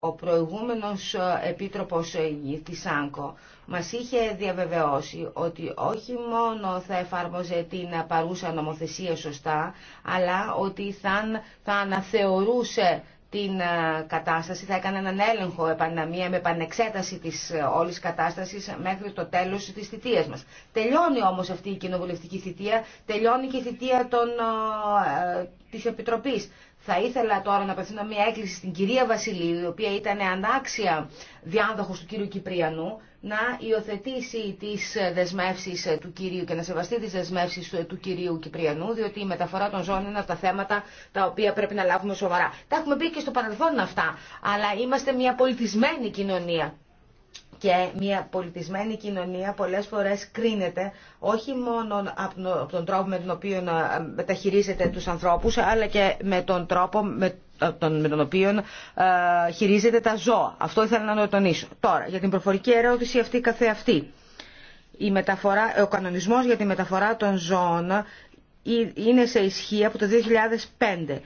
ο προηγούμενος ε, επίτροπος ε, της ΑΝΚΟ μας είχε διαβεβαιώσει ότι όχι μόνο θα εφάρμοζε την παρούσα νομοθεσία σωστά, αλλά ότι θα, θα αναθεωρούσε την ε, κατάσταση, θα έκανε έναν έλεγχο επαναμία με επανεξέταση της όλης κατάστασης μέχρι το τέλος της θητείας μας. Τελειώνει όμως αυτή η κοινοβουλευτική θητεία, τελειώνει και η θητεία της Επιτροπής. Θα ήθελα τώρα να απευθύνω μια έκκληση στην κυρία Βασιλείου, η οποία ήταν ανάξια διάδοχο του κύριου Κυπριανού, να υιοθετήσει τις δεσμεύσεις του κυρίου και να σεβαστεί τις δεσμεύσεις του κυρίου Κυπριανού, διότι η μεταφορά των ζώων είναι από τα θέματα τα οποία πρέπει να λάβουμε σοβαρά. Τα έχουμε πει και στο παρελθόν αυτά, αλλά είμαστε μια πολιτισμένη κοινωνία και μια πολιτισμένη κοινωνία πολλές φορές κρίνεται όχι μόνο από τον τρόπο με τον οποίο μεταχειρίζεται τους ανθρώπους αλλά και με τον τρόπο με ε, τον, με τον οποίο ε, χειρίζεται τα ζώα. Αυτό ήθελα να το τονίσω. Τώρα, για την προφορική ερώτηση αυτή καθεαυτή. Η μεταφορά, ο κανονισμός για τη μεταφορά των ζώων ε, είναι σε ισχύ από το 2005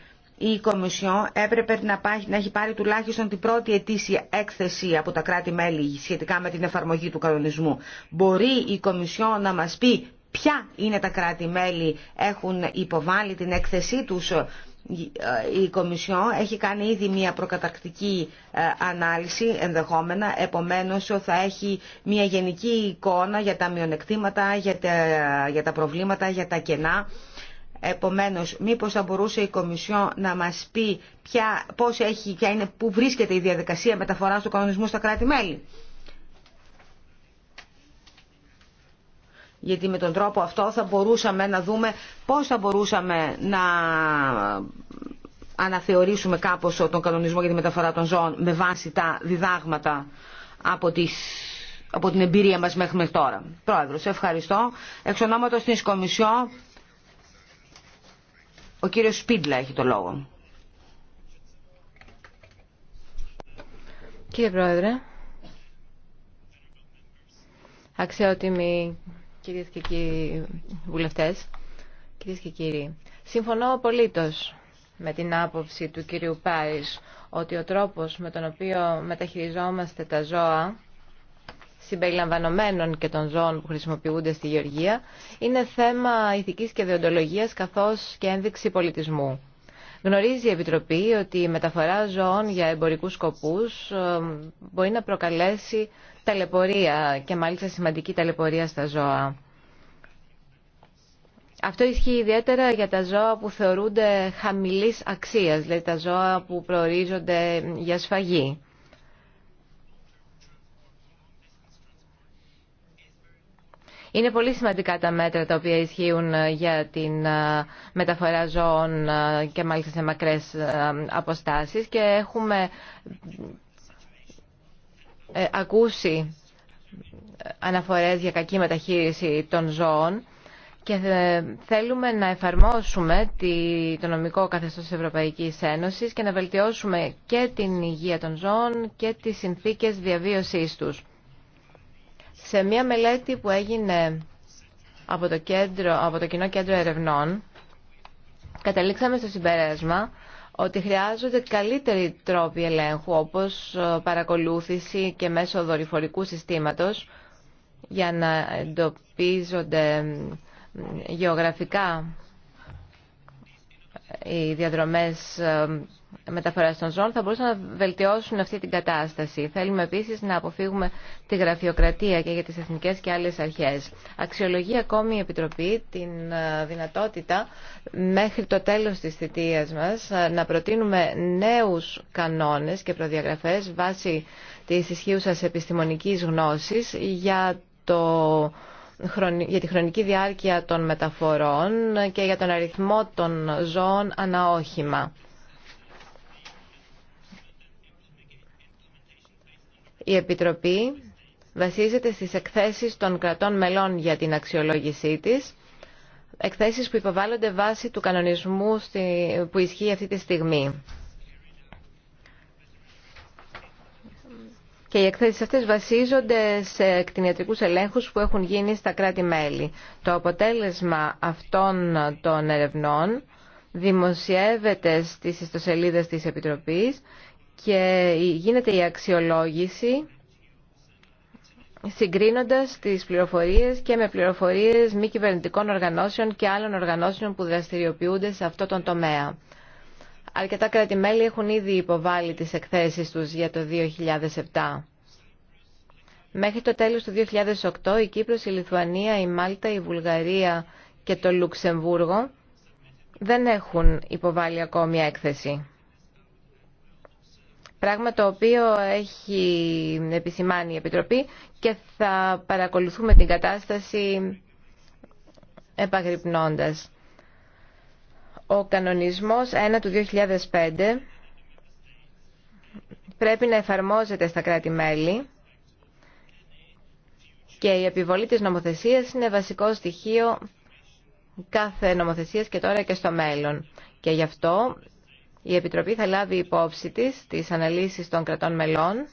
η Κομισιόν έπρεπε να, πάει, να έχει πάρει τουλάχιστον την πρώτη ετήσια έκθεση από τα κράτη-μέλη σχετικά με την εφαρμογή του κανονισμού. Μπορεί η Κομισιόν να μας πει ποια είναι τα κράτη-μέλη έχουν υποβάλει την έκθεσή τους η Κομισιόν έχει κάνει ήδη μια προκατακτική ε, ανάλυση ενδεχόμενα, επομένως θα έχει μια γενική εικόνα για τα μειονεκτήματα, για για τα προβλήματα, για τα κενά Επομένως, μήπως θα μπορούσε η Κομισιό να μας πει ποια, πώς έχει, ποια είναι, πού βρίσκεται η διαδικασία μεταφοράς του κανονισμού στα κράτη-μέλη. γιατί με τον τρόπο αυτό θα μπορούσαμε να δούμε πώς θα μπορούσαμε να αναθεωρήσουμε κάπως τον κανονισμό για τη μεταφορά των ζώων με βάση τα διδάγματα από, τις, από την εμπειρία μας μέχρι τώρα. Πρόεδρος, ευχαριστώ. Εξ ονόματος της Κομισιό, ο κύριος Σπίτλα έχει το λόγο. Κύριε Πρόεδρε, αξιότιμοι κυρίες και κύριοι βουλευτές, κυρίες και κύριοι, συμφωνώ απολύτως με την άποψη του κυρίου Πάρης ότι ο τρόπος με τον οποίο μεταχειριζόμαστε τα ζώα συμπεριλαμβανομένων και των ζώων που χρησιμοποιούνται στη γεωργία, είναι θέμα ηθικής και διοντολογίας καθώς και ένδειξη πολιτισμού. Γνωρίζει η Επιτροπή ότι η μεταφορά ζώων για εμπορικούς σκοπούς ε, μπορεί να προκαλέσει ταλαιπωρία και μάλιστα σημαντική ταλαιπωρία στα ζώα. Αυτό ισχύει ιδιαίτερα για τα ζώα που θεωρούνται χαμηλής αξίας, δηλαδή τα ζώα που προορίζονται για σφαγή. Είναι πολύ σημαντικά τα μέτρα τα οποία ισχύουν ε, για την ε, μεταφορά ζώων ε, και μάλιστα σε μακρές αποστάσεις και έχουμε ακούσει αναφορές για κακή μεταχείριση των ζώων και θέλουμε να εφαρμόσουμε το νομικό καθεστώς της Ευρωπαϊκής Ένωσης και να βελτιώσουμε και την υγεία των ζώων και τις συνθήκες διαβίωσής τους. Σε μια μελέτη που έγινε από το, κέντρο, από το Κοινό Κέντρο Ερευνών, καταλήξαμε στο συμπέρασμα ότι χρειάζονται καλύτεροι τρόποι ελέγχου, όπως ε, παρακολούθηση και μέσω δορυφορικού συστήματος, για να εντοπίζονται γεωγραφικά οι διαδρομές ε, μεταφοράς των ζώων θα μπορούσαν να βελτιώσουν αυτή την κατάσταση. Θέλουμε επίσης να αποφύγουμε τη γραφειοκρατία και για τις εθνικές και άλλες αρχές. Αξιολογεί ακόμη η Επιτροπή την ε, δυνατότητα μέχρι το τέλος της θητείας μας ε, να προτείνουμε νέους κανόνες και προδιαγραφές βάσει της ισχύουσας επιστημονικής γνώσης για το για τη χρονική διάρκεια των μεταφορών και για τον αριθμό των ζώων αναόχημα. Η Επιτροπή βασίζεται στις εκθέσεις των κρατών μελών για την αξιολόγησή της, εκθέσεις που υποβάλλονται βάσει του κανονισμού που ισχύει αυτή τη στιγμή. και οι εκθέσεις αυτέ βασίζονται σε κτηνιατρικού ελέγχους που έχουν γίνει στα κράτη-μέλη. Το αποτέλεσμα αυτών των ερευνών δημοσιεύεται στις ιστοσελίδε της Επιτροπής και γίνεται η αξιολόγηση συγκρίνοντας τις πληροφορίες και με πληροφορίες μη κυβερνητικών οργανώσεων και άλλων οργανώσεων που δραστηριοποιούνται σε αυτό τον τομέα αρκετά κράτη-μέλη έχουν ήδη υποβάλει τις εκθέσεις τους για το 2007. Μέχρι το τέλος του 2008 η Κύπρος, η Λιθουανία, η Μάλτα, η Βουλγαρία και το Λουξεμβούργο δεν έχουν υποβάλει ακόμη έκθεση. Πράγμα το οποίο έχει επισημάνει η Επιτροπή και θα παρακολουθούμε την κατάσταση επαγρυπνώντας. Ο κανονισμός 1 του 2005 πρέπει να εφαρμόζεται στα κράτη-μέλη και η επιβολή της νομοθεσίας είναι βασικό στοιχείο κάθε νομοθεσίας και τώρα και στο μέλλον. Και γι' αυτό η Επιτροπή θα λάβει υπόψη της τις αναλύσεις των κρατών μελών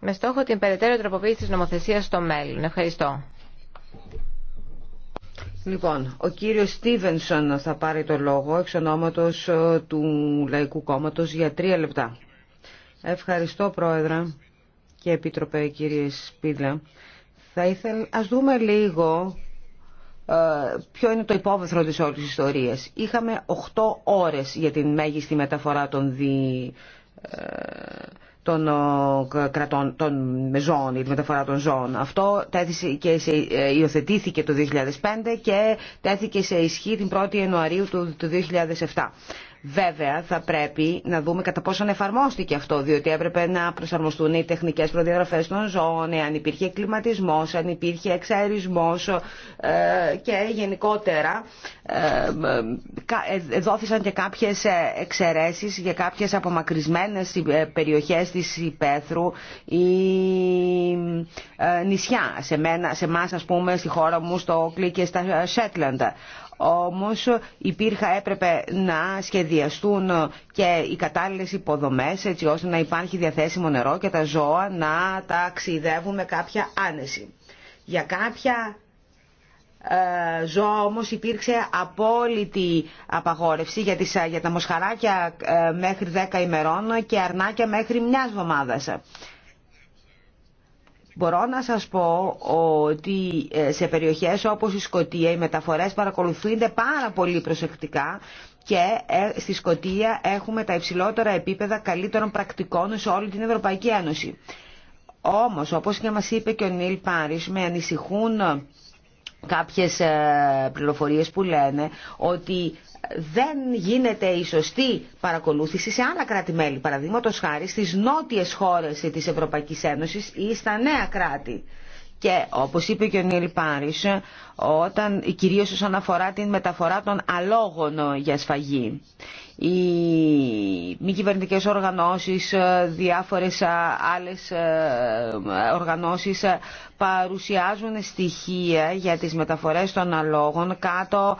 με στόχο την περαιτέρω τροποποίηση της νομοθεσίας στο μέλλον. Ευχαριστώ. Λοιπόν, ο κύριος Στίβενσον θα πάρει το λόγο εξ ε, του Λαϊκού Κόμματο για τρία λεπτά. Ευχαριστώ Πρόεδρα και Επίτροπε κύριε Σπίδλα. Θα ήθελα, ας δούμε λίγο ε, ποιο είναι το υπόβεθρο της όλης της ιστορίας. Είχαμε 8 ώρες για την μέγιστη μεταφορά των δι... Ε, των, κρατών, των ζώων ή τη μεταφορά των ζώων. Αυτό και σε, ε, υιοθετήθηκε το 2005 και τέθηκε σε ισχύ την 1η Ιανουαρίου του 2007. Βέβαια θα πρέπει να δούμε κατά πόσο εφαρμόστηκε αυτό, διότι έπρεπε να προσαρμοστούν οι τεχνικέ προδιαγραφέ των ζώων, αν υπήρχε κλιματισμός, αν υπήρχε εξαερισμός ε, και γενικότερα ε, ε, δόθησαν και κάποιε εξαιρεσει για κάποιε απομακρυσμένε περιοχέ τη υπαίθρου ή νησιά. Σε, εμά α πούμε, στη χώρα μου, στο Κλί και στα Σέτλαντα όμως υπήρχε, έπρεπε να σχεδιαστούν και οι κατάλληλες υποδομές έτσι ώστε να υπάρχει διαθέσιμο νερό και τα ζώα να ταξιδεύουν με κάποια άνεση. Για κάποια ε, ζώα όμως υπήρξε απόλυτη απαγόρευση για, τις, για τα μοσχαράκια ε, μέχρι 10 ημερών και αρνάκια μέχρι μιας βομάδας. Μπορώ να σας πω ότι ε, σε περιοχές όπως η Σκοτία οι μεταφορές παρακολουθούνται πάρα πολύ προσεκτικά και ε, στη Σκοτία έχουμε τα υψηλότερα επίπεδα καλύτερων πρακτικών σε όλη την Ευρωπαϊκή Ένωση. Όμως, όπως και μας είπε και ο Νίλ Πάρις, με ανησυχούν κάποιες ε, πληροφορίες που λένε ότι δεν γίνεται η σωστή παρακολούθηση σε άλλα κράτη-μέλη. Παραδείγματο χάρη στι νότιες χώρες της Ευρωπαϊκή Ένωση ή στα νέα κράτη. Και όπως είπε και ο Νίλη Πάρη, όταν, κυρίως όσον αφορά την μεταφορά των αλόγων για σφαγή οι μη κυβερνητικέ οργανώσεις, ε, διάφορες ε, άλλες ε, οργανώσεις παρουσιάζουν στοιχεία για τις μεταφορές των αλόγων κάτω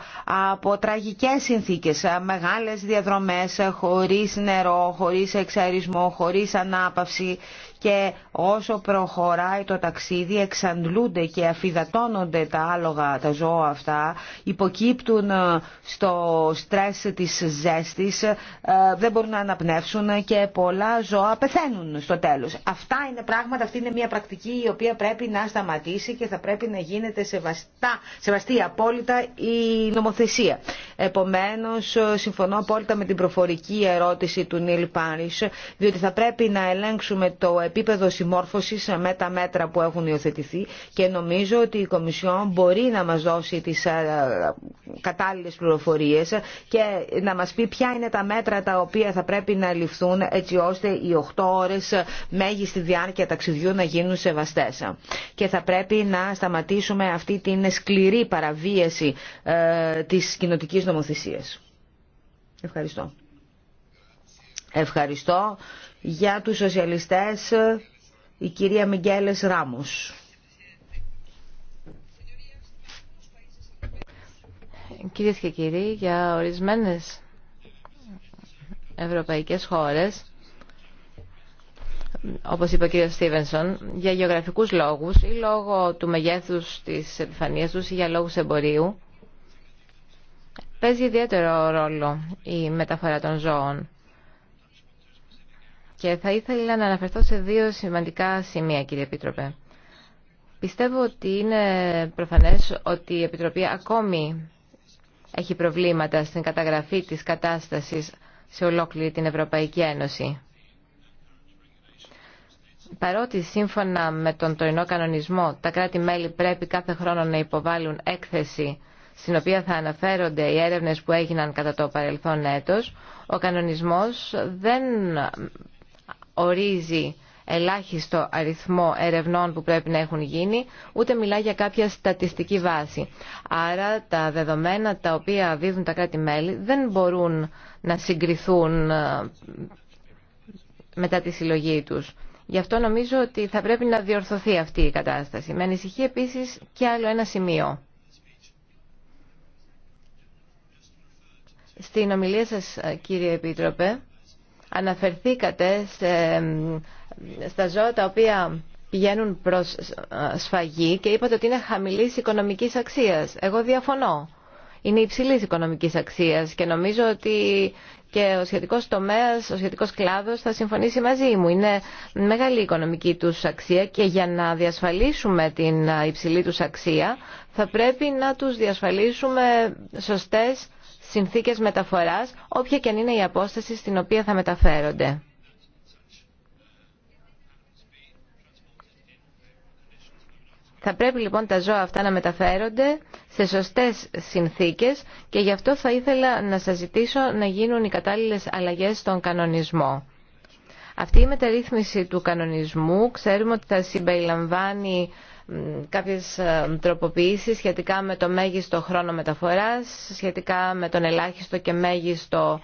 από τραγικές συνθήκες, μεγάλες διαδρομές χωρίς νερό, χωρίς εξαρισμό, χωρίς ανάπαυση και όσο προχωράει το ταξίδι εξαντλούνται και αφιδατώνονται τα άλογα, τα ζώα αυτά, υποκύπτουν ε, στο στρες της ζέστης, ε, δεν μπορούν να αναπνεύσουν και πολλά ζώα πεθαίνουν στο τέλος. Αυτά είναι πράγματα, αυτή είναι μια πρακτική η οποία πρέπει να σταματήσει και θα πρέπει να γίνεται σεβαστά, σεβαστή απόλυτα η νομοθεσία. Επομένως, ε, συμφωνώ απόλυτα με την προφορική ερώτηση του Νίλ Πάρις, διότι θα πρέπει να ελέγξουμε το επίπεδο συμμόρφωσης με τα μέτρα που έχουν υιοθετηθεί και νομίζω ότι η Κομισιόν μπορεί να μας δώσει τις ε, κατάλληλες πληροφορίες και να μας πει ποια είναι τα μέτρα τα οποία θα πρέπει να ληφθούν έτσι ώστε οι 8 ώρες μέγιστη διάρκεια ταξιδιού να γίνουν σεβαστές. Και θα πρέπει να σταματήσουμε αυτή την σκληρή παραβίαση ε, της κοινοτικής νομοθεσίας. Ευχαριστώ. Ευχαριστώ. Για τους σοσιαλιστές, η κυρία Μιγγέλες Ράμους. Κυρίες και κύριοι, για ορισμένες ευρωπαϊκές χώρες, όπως είπε ο κύριος Στίβενσον, για γεωγραφικούς λόγους ή λόγω του μεγέθους της επιφανίας τους ή για λόγους εμπορίου, παίζει ιδιαίτερο ρόλο η μεταφορά των ζώων. Και θα ήθελα να αναφερθώ σε δύο σημαντικά σημεία, κύριε Επίτροπε. Πιστεύω ότι είναι προφανές ότι η Επιτροπή ακόμη έχει προβλήματα στην καταγραφή της κατάστασης σε ολόκληρη την Ευρωπαϊκή Ένωση. Παρότι σύμφωνα με τον τωρινό κανονισμό τα κράτη-μέλη πρέπει κάθε χρόνο να υποβάλουν έκθεση στην οποία θα αναφέρονται οι έρευνες που έγιναν κατά το παρελθόν έτος, ο κανονισμός δεν ορίζει ελάχιστο αριθμό ερευνών που πρέπει να έχουν γίνει, ούτε μιλά για κάποια στατιστική βάση. Άρα τα δεδομένα τα οποία δίδουν τα κράτη-μέλη δεν μπορούν να συγκριθούν ε, μετά τη συλλογή τους. Γι' αυτό νομίζω ότι θα πρέπει να διορθωθεί αυτή η κατάσταση. Με ανησυχεί επίσης και άλλο ένα σημείο. Στην ομιλία σας, ε, κύριε Επίτροπε, Αναφερθήκατε στα ζώα τα οποία πηγαίνουν προς σφαγή και είπατε ότι είναι χαμηλής οικονομικής αξίας. Εγώ διαφωνώ. Είναι υψηλής οικονομικής αξίας και νομίζω ότι και ο σχετικός τομέας, ο σχετικός κλάδος θα συμφωνήσει μαζί μου. Είναι μεγάλη οικονομική τους αξία και για να διασφαλίσουμε την υψηλή του αξία θα πρέπει να τους διασφαλίσουμε σωστές συνθήκες μεταφοράς, όποια και αν είναι η απόσταση στην οποία θα μεταφέρονται. Θα πρέπει λοιπόν τα ζώα αυτά να μεταφέρονται σε σωστές συνθήκες και γι' αυτό θα ήθελα να σας ζητήσω να γίνουν οι κατάλληλες αλλαγές στον κανονισμό. Αυτή η μεταρρύθμιση του κανονισμού ξέρουμε ότι θα συμπεριλαμβάνει κάποιες ε, τροποποιήσεις σχετικά με το μέγιστο χρόνο μεταφοράς, σχετικά με τον ελάχιστο και μέγιστο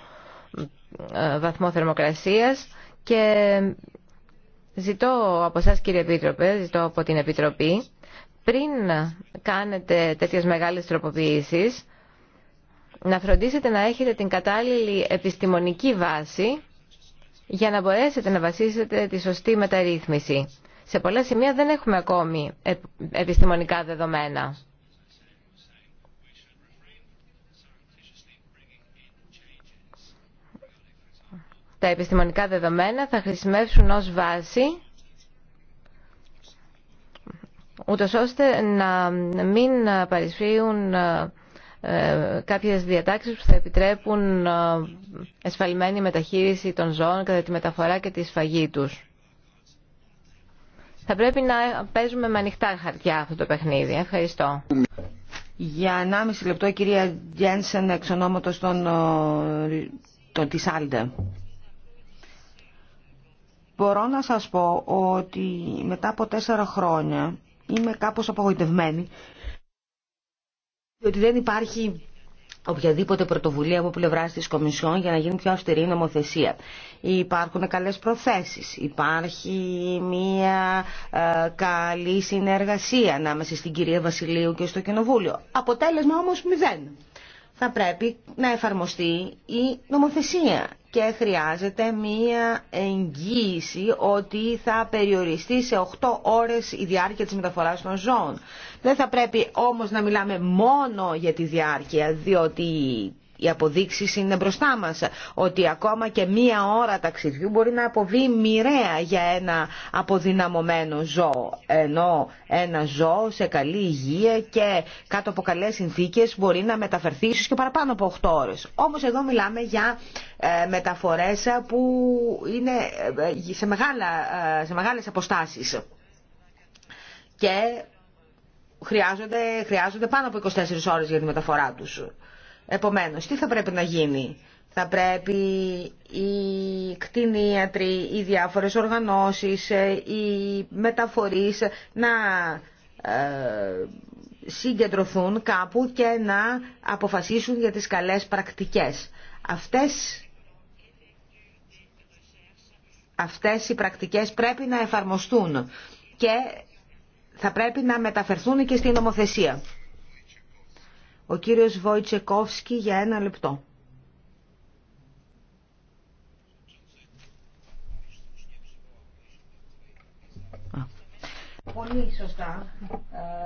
ε, βαθμό θερμοκρασίας και ζητώ από εσά κύριε Επίτροπε, ζητώ από την Επιτροπή, πριν κάνετε τέτοιες μεγάλες τροποποιήσεις, να φροντίσετε να έχετε την κατάλληλη επιστημονική βάση για να μπορέσετε να βασίσετε τη σωστή μεταρρύθμιση. Σε πολλά σημεία δεν έχουμε ακόμη ε, επιστημονικά δεδομένα. Τα επιστημονικά δεδομένα θα χρησιμεύσουν ως βάση ούτως ώστε να μην παρισφύγουν ε, κάποιες διατάξεις που θα επιτρέπουν ε, εσφαλμένη μεταχείριση των ζώων κατά τη μεταφορά και τη σφαγή τους. Θα πρέπει να παίζουμε με ανοιχτά χαρτιά αυτό το παιχνίδι. Ευχαριστώ. Για 1,5 λεπτό η κυρία Τζένσεν εξ ονόματος των, των, Μπορώ να σας πω ότι μετά από τέσσερα χρόνια είμαι κάπως απογοητευμένη διότι δεν υπάρχει οποιαδήποτε πρωτοβουλία από πλευρά τη Κομισιόν για να γίνει πιο αυστηρή νομοθεσία υπάρχουν καλές προθέσεις, υπάρχει μια ε, καλή συνεργασία ανάμεσα στην κυρία Βασιλείου και στο Κοινοβούλιο. Αποτέλεσμα όμως μηδέν. Θα πρέπει να εφαρμοστεί η νομοθεσία και χρειάζεται μία εγγύηση ότι θα περιοριστεί σε 8 ώρες η διάρκεια της μεταφοράς των ζώων. Δεν θα πρέπει όμως να μιλάμε μόνο για τη διάρκεια, διότι οι αποδείξεις είναι μπροστά μας ότι ακόμα και μία ώρα ταξιδιού μπορεί να αποβεί μοιραία για ένα αποδυναμωμένο ζώο ενώ ένα ζώο σε καλή υγεία και κάτω από καλές συνθήκες μπορεί να μεταφερθεί ίσως και παραπάνω από 8 ώρες. Όμως εδώ μιλάμε για ε, μεταφορές που είναι ε, σε, ε, σε μεγάλες αποστάσεις και χρειάζονται, χρειάζονται πάνω από 24 ώρες για τη μεταφορά τους. Επομένως, τι θα πρέπει να γίνει. Θα πρέπει οι κτηνίατροι, οι διάφορες οργανώσεις, ε, οι μεταφορείς να ε, συγκεντρωθούν κάπου και να αποφασίσουν για τις καλές πρακτικές. Αυτές, αυτές οι πρακτικές πρέπει να εφαρμοστούν και θα πρέπει να μεταφερθούν και στην νομοθεσία. Ο κύριος Βοητσεκόφσκι για ένα λεπτό. Πολύ σωστά.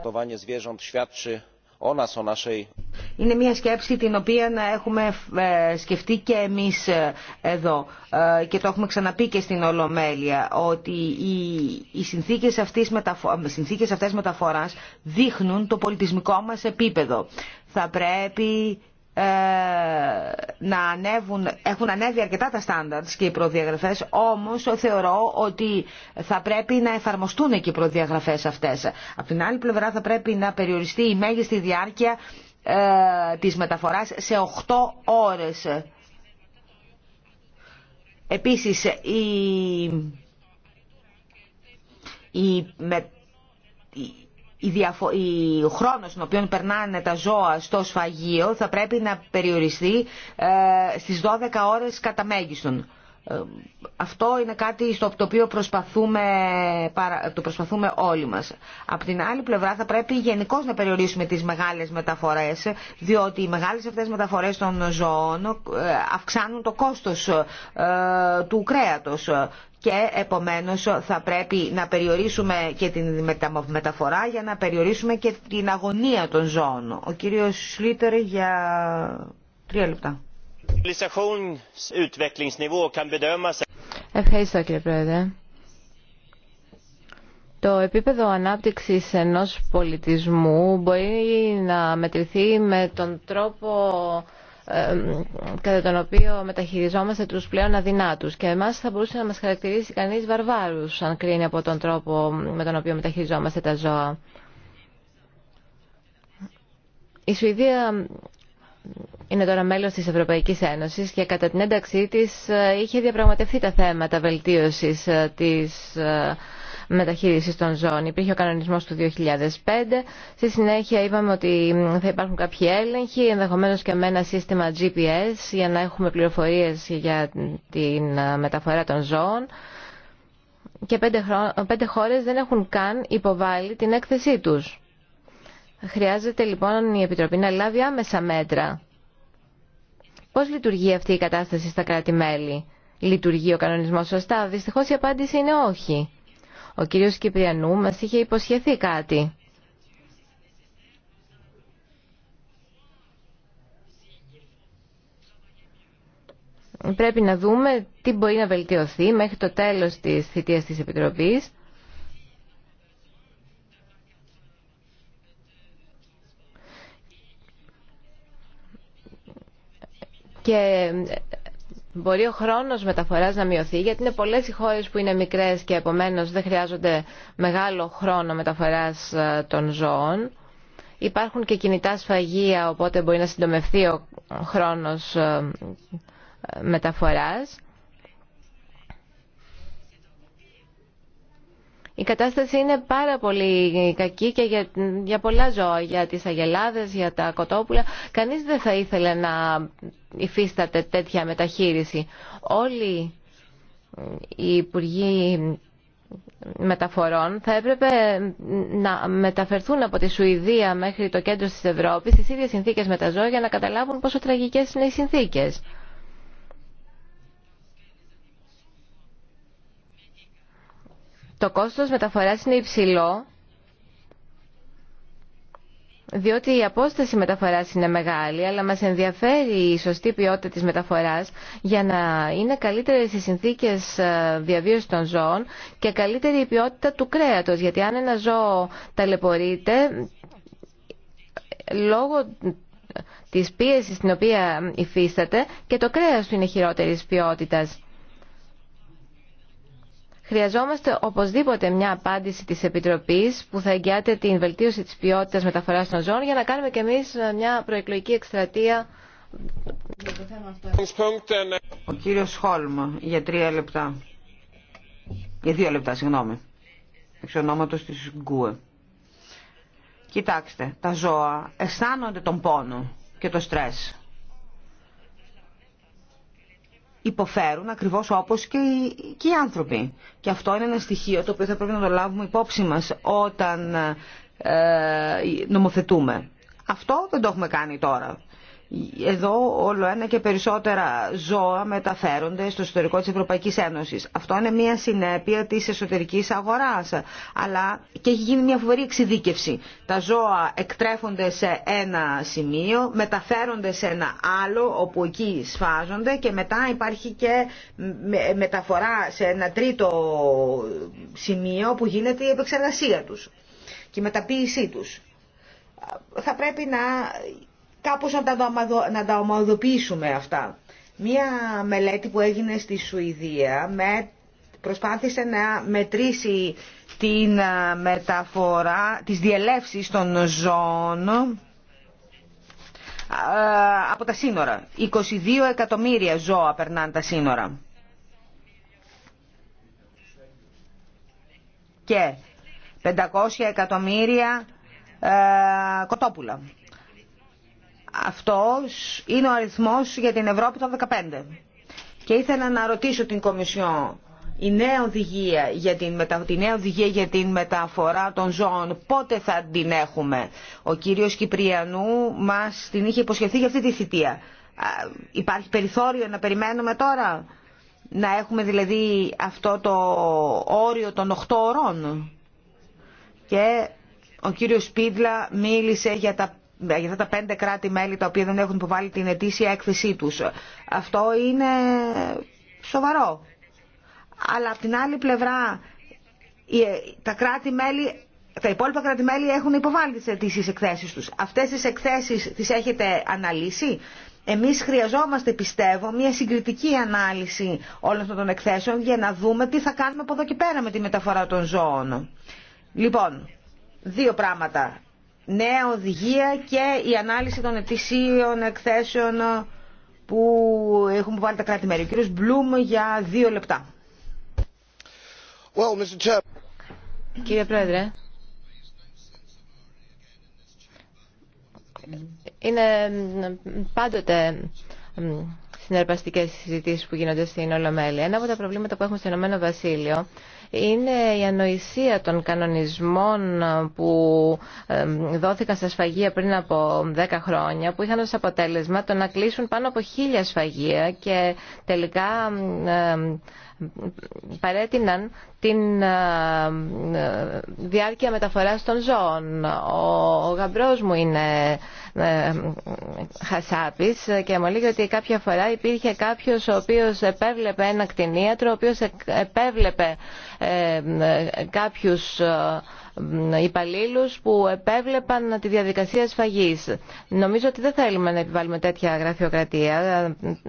Το είναι μια σκέψη την οποία να έχουμε ε, σκεφτεί και εμείς ε, εδώ ε, και το έχουμε ξαναπεί και στην Ολομέλεια ότι οι συνθήκες, αυτής μεταφο... αυτές μεταφοράς δείχνουν το πολιτισμικό μας επίπεδο. Θα πρέπει ε, να ανέβουν, έχουν ανέβει αρκετά τα στάνταρτς και οι προδιαγραφές, όμως θεωρώ ότι θα πρέπει να εφαρμοστούν και οι προδιαγραφές αυτές. Από την άλλη πλευρά θα πρέπει να περιοριστεί η μέγιστη διάρκεια ε, της μεταφοράς σε 8 ώρες. Επίσης, η, ο χρόνος στον οποίο περνάνε τα ζώα στο σφαγείο θα πρέπει να περιοριστεί ε, στις 12 ώρες κατά μέγιστον. Ε, αυτό είναι κάτι στο οποίο προσπαθούμε, το προσπαθούμε όλοι μας. Από την άλλη πλευρά θα πρέπει γενικώ να περιορίσουμε τις μεγάλες μεταφορές, διότι οι μεγάλες αυτές μεταφορές των ζώων ε, αυξάνουν το κόστος του κρέατος και επομένως θα πρέπει να περιορίσουμε και την μεταφορά για να περιορίσουμε και την αγωνία των ζώων. Ο κύριος Σλίτερ για τρία λεπτά. Ευχαριστώ κύριε Πρόεδρε. Το επίπεδο ανάπτυξης ενός πολιτισμού μπορεί να μετρηθεί με τον τρόπο κατά τον οποίο μεταχειριζόμαστε τους πλέον αδυνάτους και εμάς θα μπορούσε να μας χαρακτηρίσει κανείς βαρβάρους αν κρίνει από τον τρόπο με τον οποίο μεταχειριζόμαστε τα ζώα. Η Σουηδία είναι τώρα μέλος της Ευρωπαϊκής Ένωσης και κατά την ένταξή της ε, είχε διαπραγματευτεί τα θέματα βελτίωσης ε, της ε, μεταχείρισης των ζώων. Υπήρχε ο κανονισμός του 2005. Στη συνέχεια είπαμε ότι θα υπάρχουν κάποιοι έλεγχοι, ενδεχομένως και με ένα σύστημα GPS για να έχουμε πληροφορίες για την ε, μεταφορά των ζώων. Και πέντε, χρο... πέντε χώρες δεν έχουν καν υποβάλει την έκθεσή τους. Χρειάζεται λοιπόν η Επιτροπή να λάβει άμεσα μέτρα. Πώς λειτουργεί αυτή η κατάσταση στα κράτη-μέλη. Λειτουργεί ο κανονισμός σωστά. Δυστυχώς η απάντηση είναι όχι. Ο κύριος Κυπριανού μας είχε υποσχεθεί κάτι. Πρέπει να δούμε τι μπορεί να βελτιωθεί μέχρι το τέλος της θητείας της Επιτροπής. Και μπορεί ο χρόνος μεταφοράς να μειωθεί γιατί είναι πολλές οι χώρε που είναι μικρές και επομένω δεν χρειάζονται μεγάλο χρόνο μεταφοράς ε, των ζώων. Υπάρχουν και κινητά σφαγεία οπότε μπορεί να συντομευθεί ο χρόνος ε, ε, μεταφοράς. Η κατάσταση είναι πάρα πολύ κακή και για, για πολλά ζώα, για τις αγελάδες, για τα κοτόπουλα. Κανείς δεν θα ήθελε να υφίσταται τέτοια μεταχείριση. Όλοι οι υπουργοί μεταφορών θα έπρεπε να μεταφερθούν από τη Σουηδία μέχρι το κέντρο της Ευρώπης στις ίδιες συνθήκες με τα ζώα για να καταλάβουν πόσο τραγικές είναι οι συνθήκες. Το κόστος μεταφοράς είναι υψηλό διότι η απόσταση μεταφοράς είναι μεγάλη, αλλά μας ενδιαφέρει η σωστή ποιότητα της μεταφοράς για να είναι καλύτερες οι συνθήκες ε, διαβίωσης των ζώων και καλύτερη η ποιότητα του κρέατος, γιατί αν ένα ζώο ταλαιπωρείται, λόγω της πίεσης την οποία υφίσταται και το κρέας του είναι χειρότερης ποιότητας. Χρειαζόμαστε οπωσδήποτε μια απάντηση της Επιτροπής που θα εγγυάται την βελτίωση της ποιότητας μεταφοράς των ζώων για να κάνουμε και εμείς μια προεκλογική εκστρατεία ο κύριος Χόλμ για τρία λεπτά. Για δύο λεπτά, συγγνώμη. Εξ ονόματος της Γκουε. Κοιτάξτε, τα ζώα αισθάνονται τον πόνο και το στρες υποφέρουν ακριβώς όπως και οι, άνθρωποι. Και αυτό είναι ένα στοιχείο το οποίο θα πρέπει να το λάβουμε υπόψη μας όταν ε, ε νομοθετούμε. Αυτό δεν το έχουμε κάνει τώρα. Εδώ όλο ένα και περισσότερα ζώα μεταφέρονται στο εσωτερικό της Ευρωπαϊκής Ένωσης. Αυτό είναι μια συνέπεια της εσωτερικής αγοράς. Αλλά και έχει γίνει μια φοβερή εξειδίκευση. Τα ζώα εκτρέφονται σε ένα σημείο, μεταφέρονται σε ένα άλλο όπου εκεί σφάζονται και μετά υπάρχει και μεταφορά σε ένα τρίτο σημείο που γίνεται η επεξεργασία τους και η μεταποίησή τους. Θα πρέπει να κάπως να τα, να τα ομαδοποιήσουμε αυτά. Μία μελέτη που έγινε στη Σουηδία με, προσπάθησε να μετρήσει την ε, μεταφορά της διελεύσης των ζώων ε, από τα σύνορα. 22 εκατομμύρια ζώα περνάνε τα σύνορα. Και 500 εκατομμύρια ε, κοτόπουλα. Αυτός είναι ο αριθμός για την Ευρώπη των 15. Και ήθελα να ρωτήσω την Κομισιόν, η νέα οδηγία για την, μετα... τη νέα οδηγία για την μεταφορά των ζώων, πότε θα την έχουμε. Ο κύριος Κυπριανού μας την είχε υποσχεθεί για αυτή τη θητεία. Υπάρχει περιθώριο να περιμένουμε τώρα, να έχουμε δηλαδή αυτό το όριο των 8 ωρών. Και ο κύριος Σπίτλα μίλησε για τα για αυτά τα πέντε κράτη-μέλη τα οποία δεν έχουν υποβάλει την ετήσια έκθεσή τους. Αυτό είναι σοβαρό. Αλλά από την άλλη πλευρά τα κράτη-μέλη τα υπόλοιπα κράτη-μέλη έχουν υποβάλει τις ετήσιες εκθέσεις τους. Αυτές τις εκθέσεις τις έχετε αναλύσει. Εμείς χρειαζόμαστε, πιστεύω, μια συγκριτική ανάλυση όλων αυτών των εκθέσεων για να δούμε τι θα κάνουμε από εδώ και πέρα με τη μεταφορά των ζώων. Λοιπόν, δύο πράγματα νέα οδηγία και η ανάλυση των ετησίων εκθέσεων που έχουν βάλει τα κράτη-μέρη. Ο κύριος Μπλουμ για δύο λεπτά. Well, Κύριε Πρόεδρε, είναι πάντοτε συνεργαστικές συζητήσεις που γίνονται στην Ολομέλεια. Ένα από τα προβλήματα που έχουμε στο Ηνωμένο Βασίλειο είναι η ανοησία των κανονισμών που δόθηκαν στα σφαγεία πριν από 10 χρόνια που είχαν ως αποτέλεσμα το να κλείσουν πάνω από χίλια σφαγεία και τελικά παρέτειναν την ε, ε, διάρκεια μεταφοράς των ζώων. Ο γαμπρός μου είναι ε, χασάπης και μου λέει ότι κάποια φορά υπήρχε κάποιος ο οποίος επέβλεπε ένα κτηνίατρο, ο οποίος επέβλεπε κάποιους υπαλλήλου που επέβλεπαν τη διαδικασία σφαγή. Νομίζω ότι δεν θέλουμε να επιβάλλουμε τέτοια γραφειοκρατία.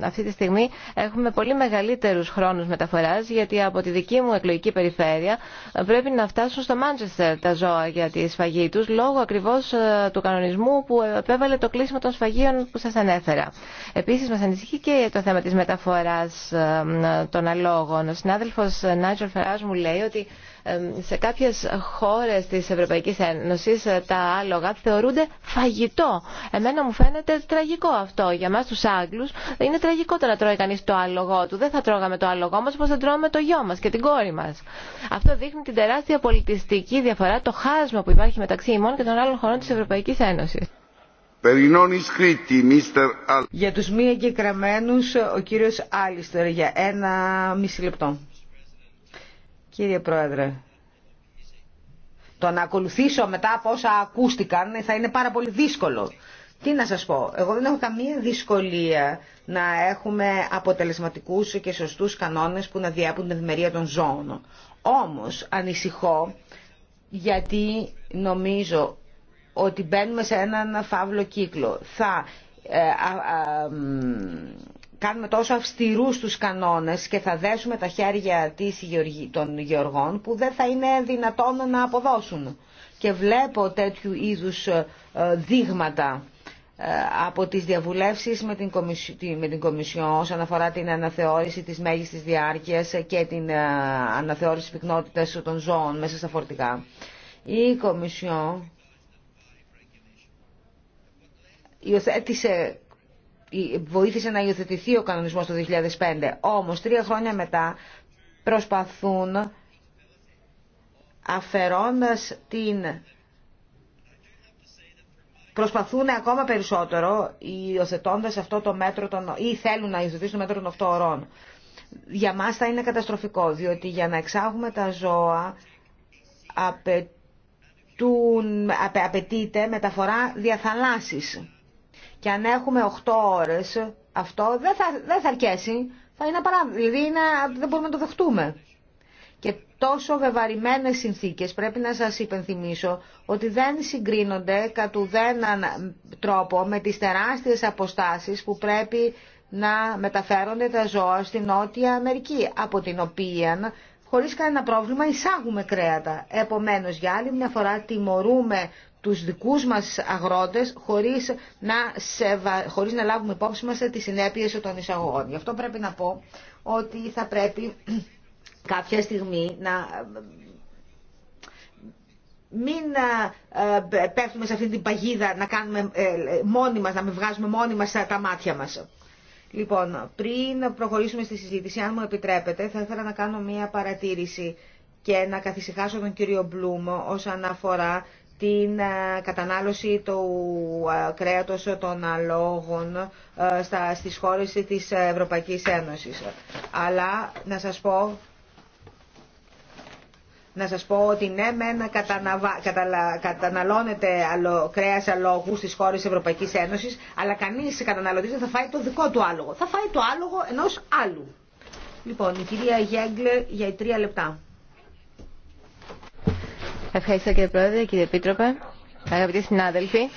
Αυτή τη στιγμή έχουμε πολύ μεγαλύτερου χρόνου μεταφορά, γιατί από τη δική μου εκλογική περιφέρεια πρέπει να φτάσουν στο Μάντσεστερ τα ζώα για τη σφαγή τους λόγω ακριβώς ε, του κανονισμού που επέβαλε το κλείσιμο των σφαγείων που σας ανέφερα. Επίσης μας ανησυχεί και το θέμα της μεταφοράς ε, των αλόγων. Ο συνάδελφος Νάιτζορ Φεράς μου λέει ότι σε κάποιες χώρες της Ευρωπαϊκής Ένωσης ε, τα άλογα θεωρούνται φαγητό. Εμένα μου φαίνεται τραγικό αυτό. Για μας τους Άγγλους είναι τραγικό το να τρώει κανείς το άλογό του. Δεν θα τρώγαμε το άλογό μας όπως θα τρώμε το γιο μας και την κόρη μας. Αυτό δείχνει την τεράστια πολιτιστική διαφορά, το χάσμα που υπάρχει μεταξύ ημών και των άλλων χωρών της Ευρωπαϊκής Ένωσης. Για τους μη εγκεκραμένους, ο κύριος Άλιστερ για ένα μισή λεπτό. Κύριε Πρόεδρε, το να ακολουθήσω μετά από όσα ακούστηκαν θα είναι πάρα πολύ δύσκολο. Τι να σας πω, εγώ δεν έχω καμία δυσκολία να έχουμε αποτελεσματικούς και σωστούς κανόνες που να διέπουν την ευημερία των ζώων. Όμως ανησυχώ γιατί νομίζω ότι μπαίνουμε σε έναν φαύλο κύκλο. Θα ε, κάνουμε τόσο αυστηρούς τους κανόνες και θα δέσουμε τα χέρια της των γεωργών που δεν θα είναι δυνατόν να αποδώσουν. Και βλέπω τέτοιου είδους ε, δείγματα ε, από τις διαβουλεύσεις με την, Κομισιό, με την όσον αφορά την αναθεώρηση της μέγιστης διάρκειας και την ε, αναθεώρηση της πυκνότητας των ζώων μέσα στα φορτικά. Η Κομισιό υιοθέτησε βοήθησε να υιοθετηθεί ο κανονισμός το 2005. Όμως τρία χρόνια μετά προσπαθούν αφαιρώντας την προσπαθούν ακόμα περισσότερο υιοθετώντα αυτό το μέτρο των, ή θέλουν να υιοθετήσουν το μέτρο των 8 ωρών. Για μας θα είναι καταστροφικό, διότι για να εξάγουμε τα ζώα απαιτείται μεταφορά διαθαλάσσης. Και αν έχουμε 8 ώρες, αυτό δεν θα, δεν θα αρκέσει. Θα δηλαδή είναι δεν μπορούμε να το δεχτούμε. Και τόσο βεβαρημένες συνθήκες, πρέπει να σας υπενθυμίσω, ότι δεν συγκρίνονται κατ' ουδέναν τρόπο με τις τεράστιες αποστάσεις που πρέπει να μεταφέρονται τα ζώα στην Νότια Αμερική, από την οποία χωρίς κανένα πρόβλημα εισάγουμε κρέατα. Επομένως, για άλλη μια φορά τιμωρούμε τους δικούς μας αγρότες χωρίς να, σεβα... χωρίς να λάβουμε υπόψη μας τις συνέπειες των εισαγωγών. Γι' αυτό πρέπει να πω ότι θα πρέπει κάποια στιγμή να μην ε, ε, πέφτουμε σε αυτή την παγίδα να κάνουμε ε, μόνοι μας, να με βγάζουμε μόνοι μας τα μάτια μας. Λοιπόν, πριν προχωρήσουμε στη συζήτηση, αν μου επιτρέπετε, θα ήθελα να κάνω μία παρατήρηση και να καθησυχάσω τον κύριο Μπλουμ όσον αφορά την ε, κατανάλωση του ε, κρέατος των αλόγων ε, στις χώρες της Ευρωπαϊκής Ένωσης. Αλλά να σας πω να σας πω ότι ναι μεν καταναλώνεται κρέας αλόγου στις χώρες της Ευρωπαϊκής Ένωσης αλλά κανείς καταναλωτής δεν θα φάει το δικό του άλογο. Θα φάει το άλογο ενός άλλου. Λοιπόν, η κυρία Γέγκλε για τρία λεπτά. Ευχαριστώ κύριε Πρόεδρε, κύριε Επίτροπε, αγαπητοί συνάδελφοι.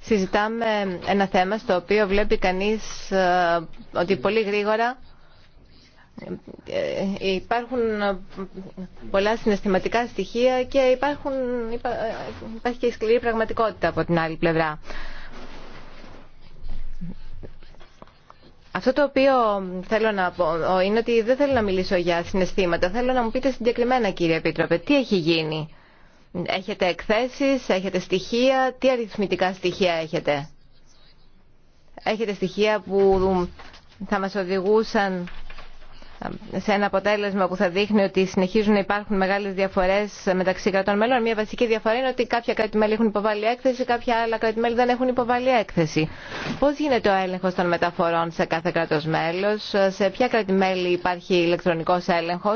Συζητάμε ένα θέμα στο οποίο βλέπει κανείς ε, ότι πολύ γρήγορα ε, υπάρχουν πολλά συναισθηματικά στοιχεία και υπάρχουν, ε, υπάρχει και η σκληρή πραγματικότητα από την άλλη πλευρά. Αυτό το οποίο θέλω να πω είναι ότι δεν θέλω να μιλήσω για συναισθήματα. Θέλω να μου πείτε συγκεκριμένα, κύριε Επίτροπε, τι έχει γίνει. Έχετε εκθέσεις, έχετε στοιχεία, τι αριθμητικά στοιχεία έχετε. Έχετε στοιχεία που θα μας οδηγούσαν σε ένα αποτέλεσμα που θα δείχνει ότι συνεχίζουν να υπάρχουν μεγάλε διαφορέ μεταξύ κρατών μελών. Μια βασική διαφορά είναι ότι κάποια κράτη-μέλη έχουν υποβάλει έκθεση, κάποια άλλα κράτη-μέλη δεν έχουν υποβάλει έκθεση. Πώ γίνεται ο έλεγχο των μεταφορών σε κάθε κράτο μέλο, σε ποια κράτη-μέλη υπάρχει ηλεκτρονικό έλεγχο.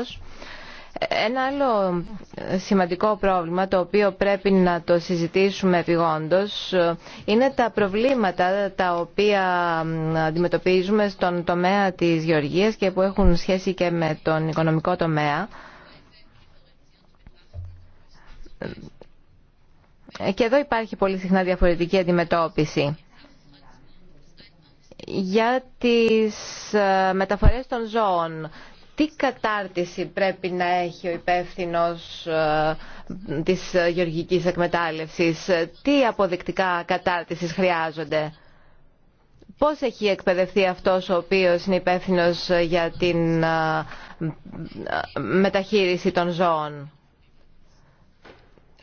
Ένα άλλο σημαντικό πρόβλημα το οποίο πρέπει να το συζητήσουμε επιγόντως ε, είναι τα προβλήματα τα οποία αντιμετωπίζουμε στον τομέα της γεωργίας και που έχουν σχέση και με τον οικονομικό τομέα ε, και εδώ υπάρχει πολύ συχνά διαφορετική αντιμετώπιση. Για τις ε, μεταφορές των ζώων τι κατάρτιση πρέπει να έχει ο υπεύθυνο ε, της γεωργικής εκμετάλλευσης, τι αποδεικτικά κατάρτισης χρειάζονται. Πώς έχει εκπαιδευτεί αυτός ο οποίος είναι υπεύθυνο για την ε, μεταχείριση των ζώων.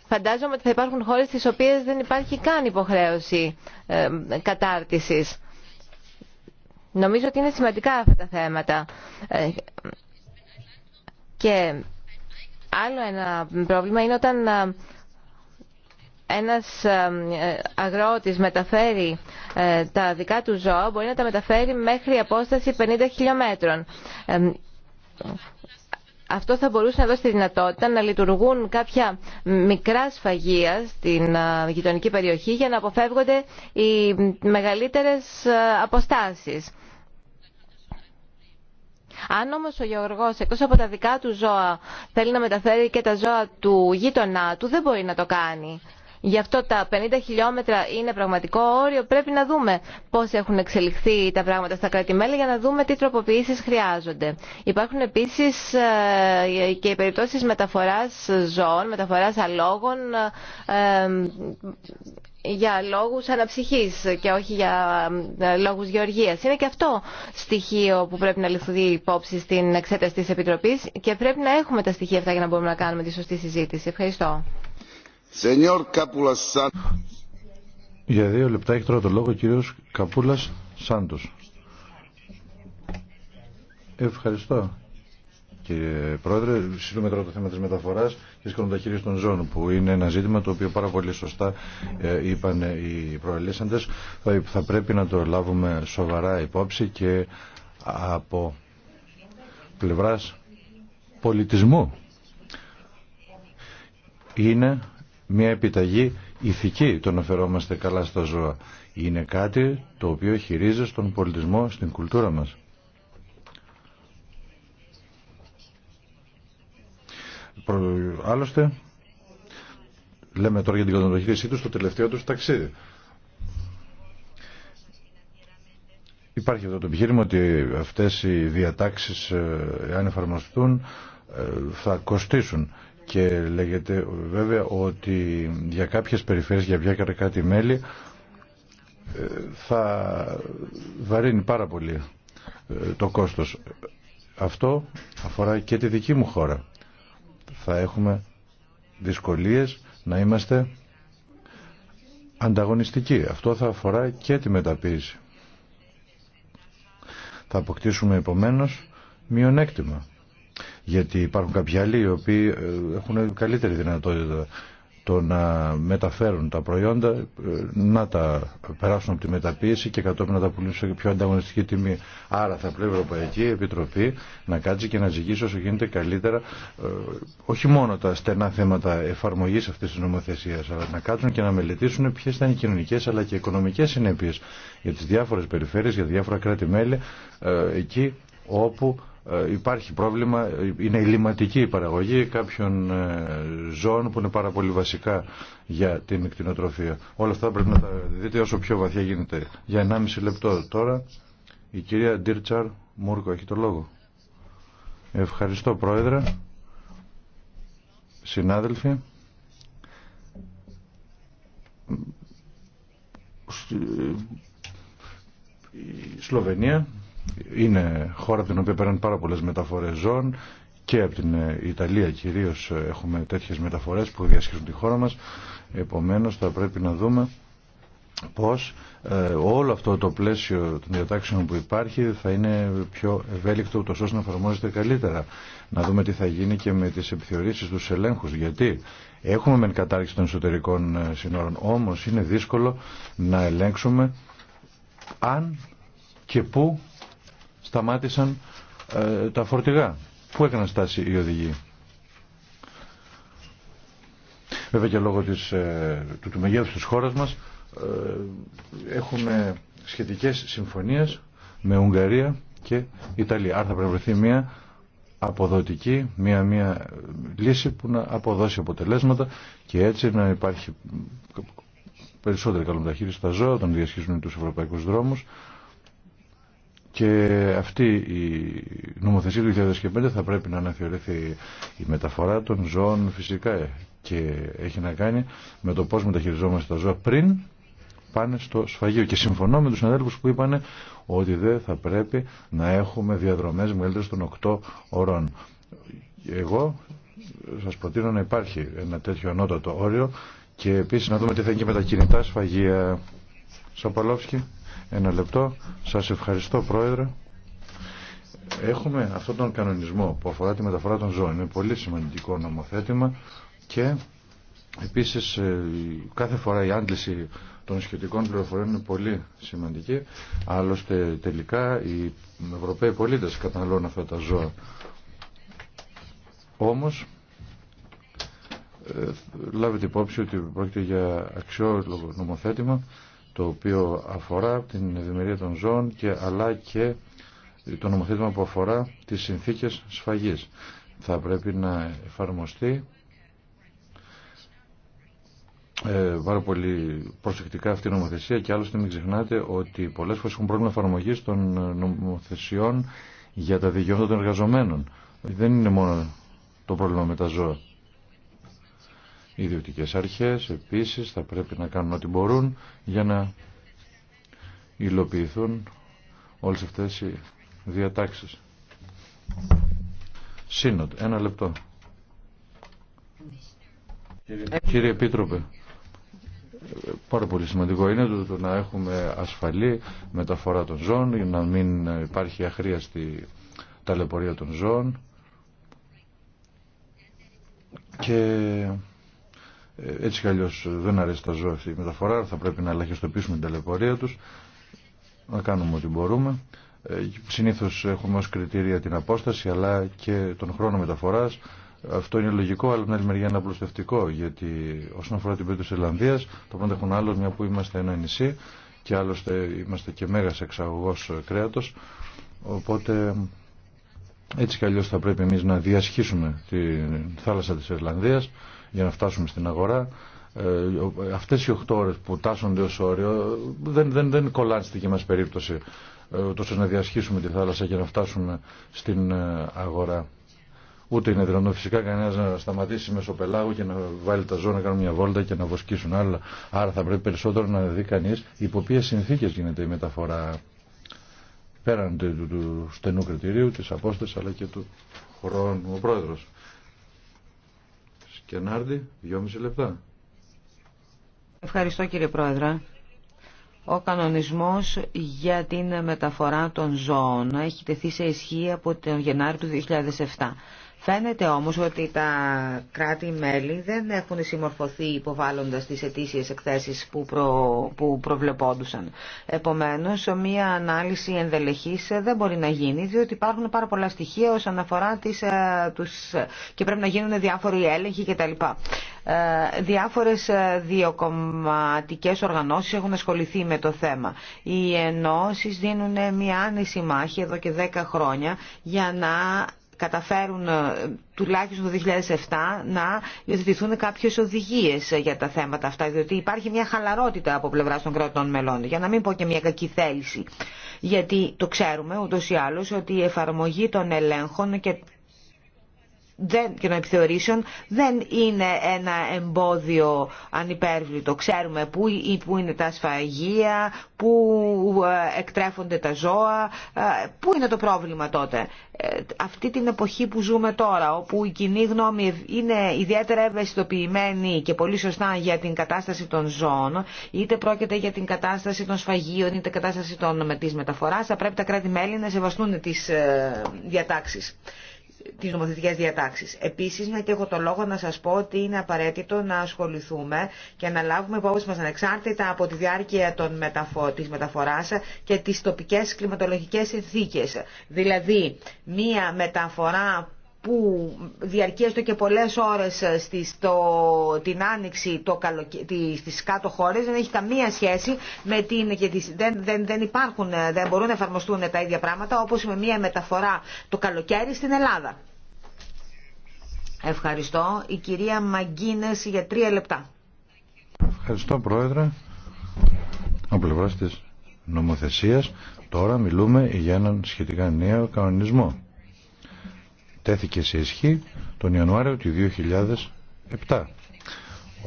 Φαντάζομαι ότι θα υπάρχουν χώρες στις οποίες δεν υπάρχει καν υποχρέωση ε, κατάρτισης. Νομίζω ότι είναι σημαντικά αυτά τα θέματα. Και άλλο ένα πρόβλημα είναι όταν ε, ένας ε, αγρότης μεταφέρει ε, τα δικά του ζώα, μπορεί να τα μεταφέρει μέχρι απόσταση 50 χιλιόμετρων. Αυτό θα μπορούσε να δώσει τη δυνατότητα να λειτουργούν κάποια μικρά σφαγεία στην γειτονική περιοχή για να αποφεύγονται οι μεγαλύτερες αποστάσεις. Αν όμω ο γεωργό εκτό από τα δικά του ζώα θέλει να μεταφέρει και τα ζώα του γείτονά του, δεν μπορεί να το κάνει. Γι' αυτό τα 50 χιλιόμετρα είναι πραγματικό όριο. Πρέπει να δούμε πώ έχουν εξελιχθεί τα πράγματα στα κράτη-μέλη για να δούμε τι τροποποιήσει χρειάζονται. Υπάρχουν επίση ε, και οι περιπτώσει μεταφορά ζώων, μεταφορά αλόγων ε, για λόγους αναψυχής και όχι για ε, λόγους γεωργίας. Είναι και αυτό στοιχείο που πρέπει να ληφθεί υπόψη στην εξέταση της Επιτροπής και πρέπει να έχουμε τα στοιχεία αυτά για να μπορούμε να κάνουμε τη σωστή συζήτηση. Ευχαριστώ. Για δύο λεπτά έχει τώρα το λόγο ο κύριος Καπούλας Σάντος. Ευχαριστώ κύριε Πρόεδρε. Συζητούμε τώρα το θέμα τη μεταφορά και τη χρονοταχείριση των ζώων, που είναι ένα ζήτημα το οποίο πάρα πολύ σωστά ε, είπαν οι προελίσσαντε. Θα πρέπει να το λάβουμε σοβαρά υπόψη και από πλευρά πολιτισμού. Είναι μια επιταγή ηθική το να φερόμαστε καλά στα ζώα. Είναι κάτι το οποίο χειρίζεται στον πολιτισμό, στην κουλτούρα μας. Άλλωστε, λέμε τώρα για την κατανοχήρησή του στο τελευταίο του ταξίδι. Υπάρχει αυτό το επιχείρημα ότι αυτές οι διατάξεις, αν ε, εφαρμοστούν, ε, θα κοστίσουν. Και λέγεται βέβαια ότι για κάποιες περιφέρειες, για βιάκαρα κάτι μέλη, ε, θα βαρύνει πάρα πολύ το κόστος. Αυτό αφορά και τη δική μου χώρα θα έχουμε δυσκολίες να είμαστε ανταγωνιστικοί. Αυτό θα αφορά και τη μεταποίηση. Θα αποκτήσουμε επομένως μειονέκτημα. Γιατί υπάρχουν κάποιοι άλλοι οι οποίοι ε, έχουν καλύτερη δυνατότητα το να μεταφέρουν τα προϊόντα, ε, να τα περάσουν από τη μεταποίηση και κατόπιν να τα πουλήσουν σε πιο ανταγωνιστική τιμή. Άρα θα πρέπει η Ευρωπαϊκή Επιτροπή να κάτσει και να ζυγίσει όσο γίνεται καλύτερα ε, όχι μόνο τα στενά θέματα εφαρμογή αυτή τη νομοθεσία, αλλά να κάτσουν και να μελετήσουν ποιε θα είναι οι κοινωνικέ αλλά και οι οικονομικέ συνέπειε για τι διάφορε περιφέρειε, για διάφορα κράτη-μέλη, ε, εκεί όπου ε, υπάρχει πρόβλημα, είναι η η παραγωγή κάποιων ε, ζώων που είναι πάρα πολύ βασικά για την εκτινοτροφία. Όλα αυτά πρέπει να τα δείτε όσο πιο βαθιά γίνεται. Για 1,5 λεπτό τώρα η κυρία Ντίρτσαρ Μούρκο έχει το λόγο. Ευχαριστώ πρόεδρε, συνάδελφοι. Η Σλοβενία είναι χώρα από την οποία παίρνουν πάρα πολλές μεταφορές ζώων και από την ε, Ιταλία κυρίως ε, έχουμε τέτοιες μεταφορές που διασχίζουν τη χώρα μας. Επομένως θα πρέπει να δούμε πως ε, όλο αυτό το πλαίσιο των διατάξεων που υπάρχει θα είναι πιο ευέλικτο ούτως ώστε να εφαρμόζεται καλύτερα. Να δούμε τι θα γίνει και με τις επιθεωρήσεις τους ελέγχους. Γιατί έχουμε μεν κατάρριξη των εσωτερικών συνόρων, όμως είναι δύσκολο να ελέγξουμε αν και πού σταμάτησαν ε, τα φορτηγά. Πού έκαναν στάση οι οδηγοί. Βέβαια και λόγω της, ε, του, του μεγέθους της χώρας μας ε, έχουμε σχετικές συμφωνίες με Ουγγαρία και Ιταλία. Άρα θα πρέπει να μια αποδοτική, μια, μια λύση που να αποδώσει αποτελέσματα και έτσι να υπάρχει περισσότερη καλομεταχείριση στα ζώα όταν διασχίζουν τους ευρωπαϊκούς δρόμους και αυτή η νομοθεσία του 2005 θα πρέπει να αναθεωρηθεί η μεταφορά των ζώων φυσικά ε, και έχει να κάνει με το πώς μεταχειριζόμαστε τα ζώα πριν πάνε στο σφαγείο. Και συμφωνώ με τους συναδέλφους που είπαν ότι δεν θα πρέπει να έχουμε διαδρομές μεγαλύτερες των 8 ώρων. Εγώ σας προτείνω να υπάρχει ένα τέτοιο ανώτατο όριο και επίσης να δούμε τι θα γίνει με τα κινητά σφαγεία. Σαπαλόφσκι. Ένα λεπτό. Σας ευχαριστώ Πρόεδρε. Έχουμε αυτόν τον κανονισμό που αφορά τη μεταφορά των ζώων. Είναι πολύ σημαντικό νομοθέτημα και επίσης ε, κάθε φορά η άντληση των σχετικών πληροφοριών είναι πολύ σημαντική. Άλλωστε τελικά οι Ευρωπαίοι πολίτες καταναλώνουν αυτά τα ζώα. Όμως ε, λάβετε υπόψη ότι πρόκειται για αξιόλογο νομοθέτημα το οποίο αφορά την ευημερία των ζώων και αλλά και το νομοθέτημα που αφορά τις συνθήκες σφαγής. Θα πρέπει να εφαρμοστεί ε, πάρα πολύ προσεκτικά αυτή η νομοθεσία και άλλωστε μην ξεχνάτε ότι πολλές φορές έχουν πρόβλημα εφαρμογή των νομοθεσιών για τα δικαιώματα των εργαζομένων. Δεν είναι μόνο το πρόβλημα με τα ζώα. Οι ιδιωτικές αρχές επίσης θα πρέπει να κάνουν ό,τι μπορούν για να υλοποιηθούν όλες αυτές οι διατάξεις. Σύνοτ, ένα λεπτό. Κύριε Επίτροπε, πάρα πολύ σημαντικό είναι το, το να έχουμε ασφαλή μεταφορά των ζώων, να μην υπάρχει αχρίαστη ταλαιπωρία των ζώων και έτσι κι αλλιώς δεν αρέσει τα ζώα αυτή η μεταφορά, θα πρέπει να ελαχιστοποιήσουμε την ταλαιπωρία τους, να κάνουμε ό,τι μπορούμε. Ε, συνήθως έχουμε ως κριτήρια την απόσταση αλλά και τον χρόνο μεταφοράς. Αυτό είναι λογικό, αλλά από την άλλη μεριά είναι απλουστευτικό, γιατί όσον αφορά την περίπτωση της Ιρλανδίας, το πρώτο έχουν άλλο, μια που είμαστε ένα νησί και άλλωστε είμαστε και μέγας εξαγωγός κρέατος, οπότε έτσι κι αλλιώς θα πρέπει εμείς να διασχίσουμε τη θάλασσα της Ιρλανδίας για να φτάσουμε στην αγορά. Ε, αυτές οι 8 ώρες που τάσσονται ως όριο δεν, δεν, δεν κολλάνε στη μας περίπτωση ε, τόσο να διασχίσουμε τη θάλασσα για να φτάσουμε στην ε, αγορά. Ούτε είναι δυνατόν φυσικά κανένα να σταματήσει μέσω πελάγου και να βάλει τα ζώα να κάνουν μια βόλτα και να βοσκήσουν άλλα. Άρα θα πρέπει περισσότερο να δει κανεί υπό ποιε συνθήκε γίνεται η μεταφορά πέραν του, του, του στενού κριτηρίου, τη απόσταση αλλά και του χρόνου. Ο πρόεδρο. Και δυόμιση λεπτά. Ευχαριστώ κύριε Πρόεδρε. Ο κανονισμός για την μεταφορά των ζώων έχει τεθεί σε ισχύ από τον Γενάρη του 2007. Φαίνεται όμως ότι τα κράτη-μέλη δεν έχουν συμμορφωθεί υποβάλλοντας τις ετήσιες εκθέσεις που, προ... που προβλεπόντουσαν. Επομένως, μία ανάλυση ενδελεχής δεν μπορεί να γίνει, διότι υπάρχουν πάρα πολλά στοιχεία όσον αφορά τις, ε, τους... και πρέπει να γίνουν διάφοροι έλεγχοι κτλ. Ε, διάφορες ε, διοκομματικές οργανώσεις έχουν ασχοληθεί με το θέμα. Οι ενώσει δίνουν μία άνεση μάχη εδώ και 10 χρόνια για να καταφέρουν ε, τουλάχιστον το 2007 να υιοθετηθούν κάποιε οδηγίε ε, για τα θέματα αυτά, διότι υπάρχει μια χαλαρότητα από πλευρά των κρατών μελών, για να μην πω και μια κακή θέληση. Γιατί το ξέρουμε ούτως ή άλλω ότι η αλλω οτι η εφαρμογη των ελέγχων και και των επιθεωρήσεων δεν είναι ένα εμπόδιο ανυπέρβλητο. Ξέρουμε πού, πού είναι τα σφαγεία, πού ε, εκτρέφονται τα ζώα, ε, πού είναι το πρόβλημα τότε. Ε, αυτή την εποχή που ζούμε τώρα, όπου η κοινή γνώμη είναι ιδιαίτερα ευαισθητοποιημένη και πολύ σωστά για την κατάσταση των ζώων, είτε πρόκειται για την κατάσταση των σφαγείων, είτε κατάσταση των, της μεταφοράς, θα πρέπει τα κράτη-μέλη να σεβαστούν τις διατάξεις τις νομοθετικές διατάξεις. Επίσης, μια και έχω το λόγο να σας πω ότι είναι απαραίτητο να ασχοληθούμε και να λάβουμε υπόψη μας ανεξάρτητα από τη διάρκεια των μεταφο... της μεταφοράς και τις τοπικές κλιματολογικές συνθήκες. Δηλαδή, μία μεταφορά που διαρκέστο και πολλές ώρες ε, την άνοιξη το στις κάτω χώρες δεν έχει καμία σχέση με την, και δεν, δεν, δεν υπάρχουν, ε, δεν μπορούν να εφαρμοστούν τα ίδια πράγματα όπως με μια μεταφορά το καλοκαίρι στην Ελλάδα. Ευχαριστώ. Η κυρία Μαγκίνες για τρία λεπτά. Ευχαριστώ Πρόεδρε. ο πλευράς της νομοθεσίας τώρα μιλούμε για έναν σχετικά νέο κανονισμό τέθηκε σε ισχύ τον Ιανουάριο του 2007.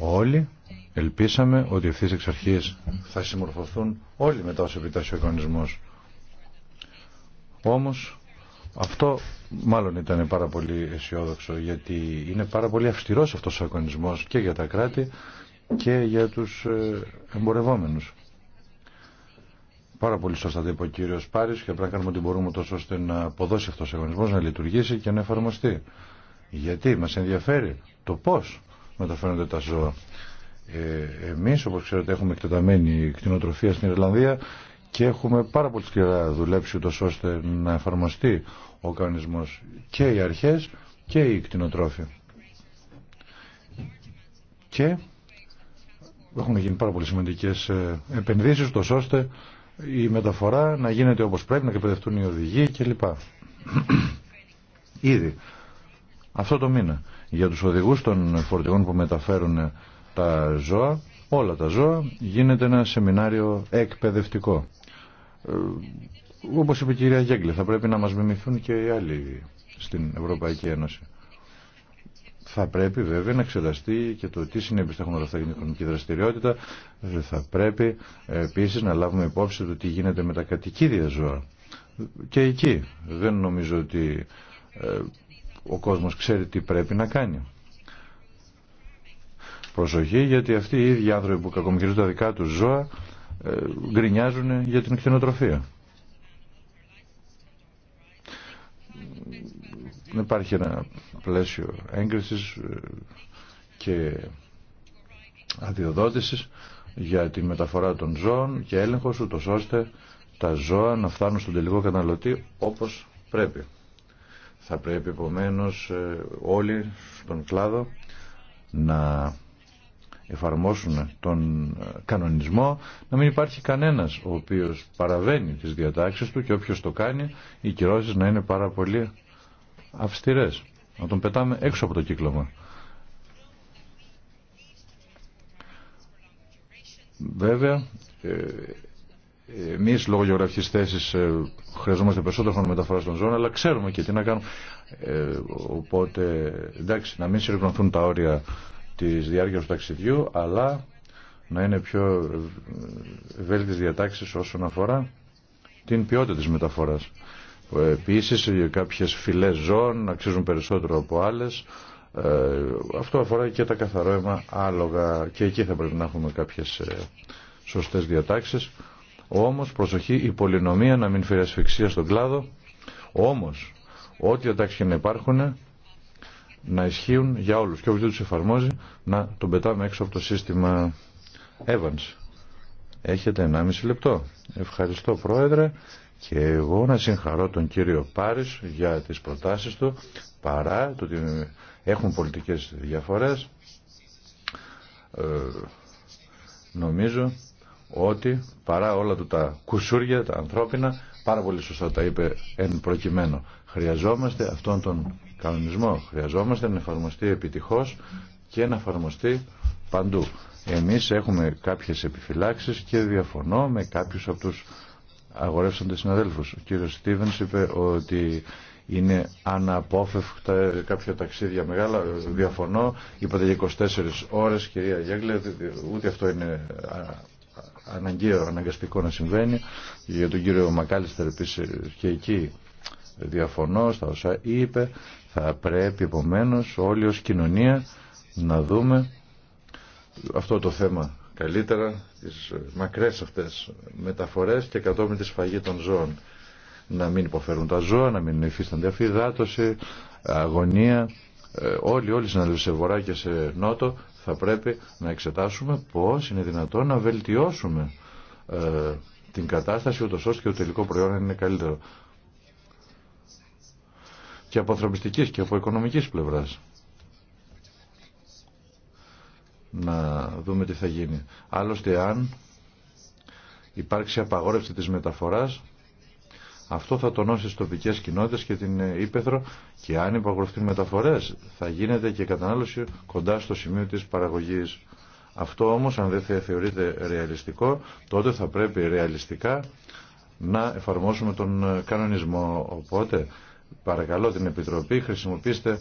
Όλοι ελπίσαμε ότι αυτές εξ αρχής θα συμμορφωθούν όλοι μετά όσο επιτάσσει ο Όμως αυτό μάλλον ήταν πάρα πολύ αισιόδοξο γιατί είναι πάρα πολύ αυστηρός αυτός ο οικονομισμός και για τα κράτη και για τους ε, εμπορευόμενους. Πάρα πολύ σωστά το είπε ο κύριο Πάρη και πρέπει να κάνουμε ό,τι μπορούμε τόσο ώστε να αποδώσει αυτό ο αγωνισμό, να λειτουργήσει και να εφαρμοστεί. Γιατί μα ενδιαφέρει το πώ μεταφέρονται τα ζώα. Ε, Εμεί, όπω ξέρετε, έχουμε εκτεταμένη κτηνοτροφία στην Ιρλανδία και έχουμε πάρα πολύ σκληρά δουλέψει τόσο ώστε να εφαρμοστεί ο κανονισμό και οι αρχέ και οι κτηνοτρόφοι. Και έχουν γίνει πάρα πολύ σημαντικέ ε, επενδύσει τόσο ώστε η μεταφορά να γίνεται όπως πρέπει, να εκπαιδευτούν οι οδηγοί κλπ. Ήδη αυτό το μήνα για τους οδηγούς των φορτηγών που μεταφέρουν τα ζώα, όλα τα ζώα, γίνεται ένα σεμινάριο εκπαιδευτικό. Ε, όπως είπε η κυρία Γέγκλε, θα πρέπει να μας μιμηθούν και οι άλλοι στην Ευρωπαϊκή Ένωση θα πρέπει βέβαια να εξεταστεί και το τι συνέπειε θα έχουν όλα αυτά για την οικονομική δραστηριότητα. Θα πρέπει επίση να λάβουμε υπόψη το τι γίνεται με τα κατοικίδια ζώα. Και εκεί δεν νομίζω ότι ε, ο κόσμος ξέρει τι πρέπει να κάνει. Προσοχή γιατί αυτοί οι ίδιοι άνθρωποι που κακομοιρίζουν τα δικά τους ζώα ε, γκρινιάζουν για την κτηνοτροφία υπάρχει ένα πλαίσιο έγκρισης ε, και αδειοδότησης για τη μεταφορά των ζώων και έλεγχος ούτως ώστε τα ζώα να φτάνουν στον τελικό καταναλωτή όπως πρέπει. Θα πρέπει επομένω ε, όλοι στον κλάδο να εφαρμόσουν τον ε, κανονισμό, να μην υπάρχει κανένας ο οποίος παραβαίνει τις διατάξεις του και όποιος το κάνει οι κυρώσεις να είναι πάρα πολύ αυστηρές, να τον πετάμε έξω από το κύκλωμα. Βέβαια, ε, εμεί λόγω γεωγραφική θέση ε, χρειαζόμαστε περισσότερο χρόνο μεταφορά των ζώων, αλλά ξέρουμε και τι να κάνουμε. Ε, οπότε, εντάξει, να μην συρρυκνωθούν τα όρια τη διάρκεια του ταξιδιού, αλλά να είναι πιο ευέλικτε διατάξει όσον αφορά την ποιότητα τη μεταφορά. Επίσης κάποιες φυλές ζώων αξίζουν περισσότερο από άλλες. Ε, αυτό αφορά και τα καθαρό άλογα και εκεί θα πρέπει να έχουμε κάποιες ε, σωστές διατάξεις. Όμως προσοχή η πολυνομία να μην φέρει ασφυξία στον κλάδο. Όμως ό,τι διατάξεις και να υπάρχουν να ισχύουν για όλους και όποιος τους εφαρμόζει να τον πετάμε έξω από το σύστημα Evans. Έχετε 1,5 λεπτό. Ευχαριστώ Πρόεδρε. Και εγώ να συγχαρώ τον κύριο Πάρης για τις προτάσεις του, παρά το ότι έχουν πολιτικές διαφορές. Ε, νομίζω ότι παρά όλα του τα κουσούρια, τα ανθρώπινα, πάρα πολύ σωστά τα είπε εν προκειμένου. Χρειαζόμαστε αυτόν τον κανονισμό, χρειαζόμαστε να εφαρμοστεί επιτυχώς και να εφαρμοστεί παντού. Εμείς έχουμε κάποιες επιφυλάξεις και διαφωνώ με κάποιους από αγορεύσαν τους συναδέλφους. Ο κύριος Στίβενς είπε ότι είναι αναπόφευκτα κάποια ταξίδια μεγάλα, διαφωνώ, είπατε για 24 ώρες κυρία Γιάγκλε, ούτε αυτό είναι αναγκαίο, αναγκαστικό να συμβαίνει. Για τον κύριο Μακάλιστερ επίσης και εκεί διαφωνώ στα όσα είπε, θα πρέπει επομένω όλοι ως κοινωνία να δούμε αυτό το θέμα καλύτερα τις μακρές αυτές μεταφορές και κατόπιν τη σφαγή των ζώων. Να μην υποφέρουν τα ζώα, να μην υφίστανται αφιδάτωση, αγωνία. Ε, όλοι, όλοι να σε βορρά και σε νότο θα πρέπει να εξετάσουμε πώς είναι δυνατόν να βελτιώσουμε ε, την κατάσταση ούτως ώστε και το τελικό προϊόν είναι καλύτερο. Και από ανθρωπιστικής και από οικονομικής πλευράς να δούμε τι θα γίνει. Άλλωστε αν υπάρξει απαγόρευση της μεταφοράς αυτό θα τονώσει στις τοπικές κοινότητες και την ε, Ήπεθρο και αν υπαγορευτούν μεταφορές θα γίνεται και κατανάλωση κοντά στο σημείο της παραγωγής. Αυτό όμως αν δεν θεωρείται ρεαλιστικό τότε θα πρέπει ρεαλιστικά να εφαρμόσουμε τον ε, κανονισμό. Οπότε παρακαλώ την Επιτροπή χρησιμοποιήστε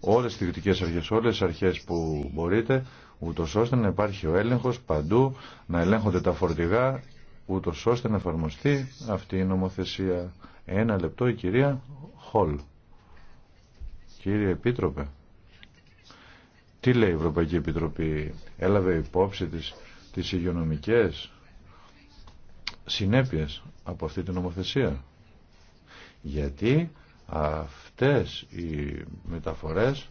όλες τις δυτικές αρχές, όλες τις αρχές που μπορείτε ούτω ώστε να υπάρχει ο έλεγχο παντού, να ελέγχονται τα φορτηγά, ούτω ώστε να εφαρμοστεί αυτή η νομοθεσία. Ένα λεπτό η κυρία Χολ. Κύριε Επίτροπε, τι λέει η Ευρωπαϊκή Επιτροπή, έλαβε υπόψη της τις υγειονομικές συνέπειες από αυτή την νομοθεσία. Γιατί αυτές οι μεταφορές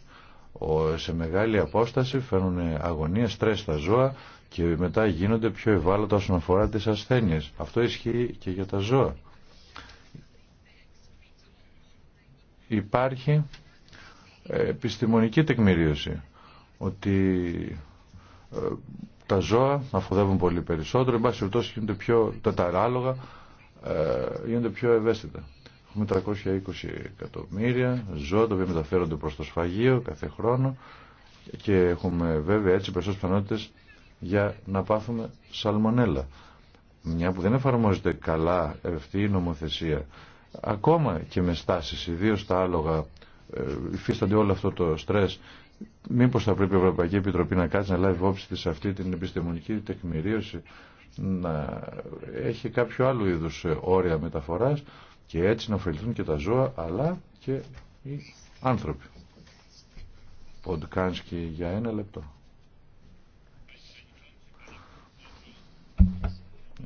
σε μεγάλη απόσταση φέρνουν αγωνία, στρες στα ζώα και μετά γίνονται πιο ευάλωτα όσον αφορά τις ασθένειες. Αυτό ισχύει και για τα ζώα. Υπάρχει ε, επιστημονική τεκμηρίωση ότι ε, τα ζώα αφοδεύουν πολύ περισσότερο, εν πάση περιπτώσει γίνονται πιο τεταράλογα, ε, γίνονται πιο ευαίσθητα. Έχουμε 320 εκατομμύρια ζώα τα οποία μεταφέρονται προς το σφαγείο κάθε χρόνο και έχουμε βέβαια έτσι περισσότερες πιθανότητες για να πάθουμε σαλμονέλα. Μια που δεν εφαρμόζεται καλά αυτή η νομοθεσία ακόμα και με στάσεις, ιδίω τα άλογα ε, υφίστανται όλο αυτό το στρες μήπως θα πρέπει η Ευρωπαϊκή Επιτροπή να κάτσει να λάβει υπόψη της αυτή την επιστημονική τεκμηρίωση να έχει κάποιο άλλο είδους ε, όρια μεταφοράς και έτσι να ωφεληθούν και τα ζώα αλλά και οι άνθρωποι. Ποντκάνσκι για ένα λεπτό.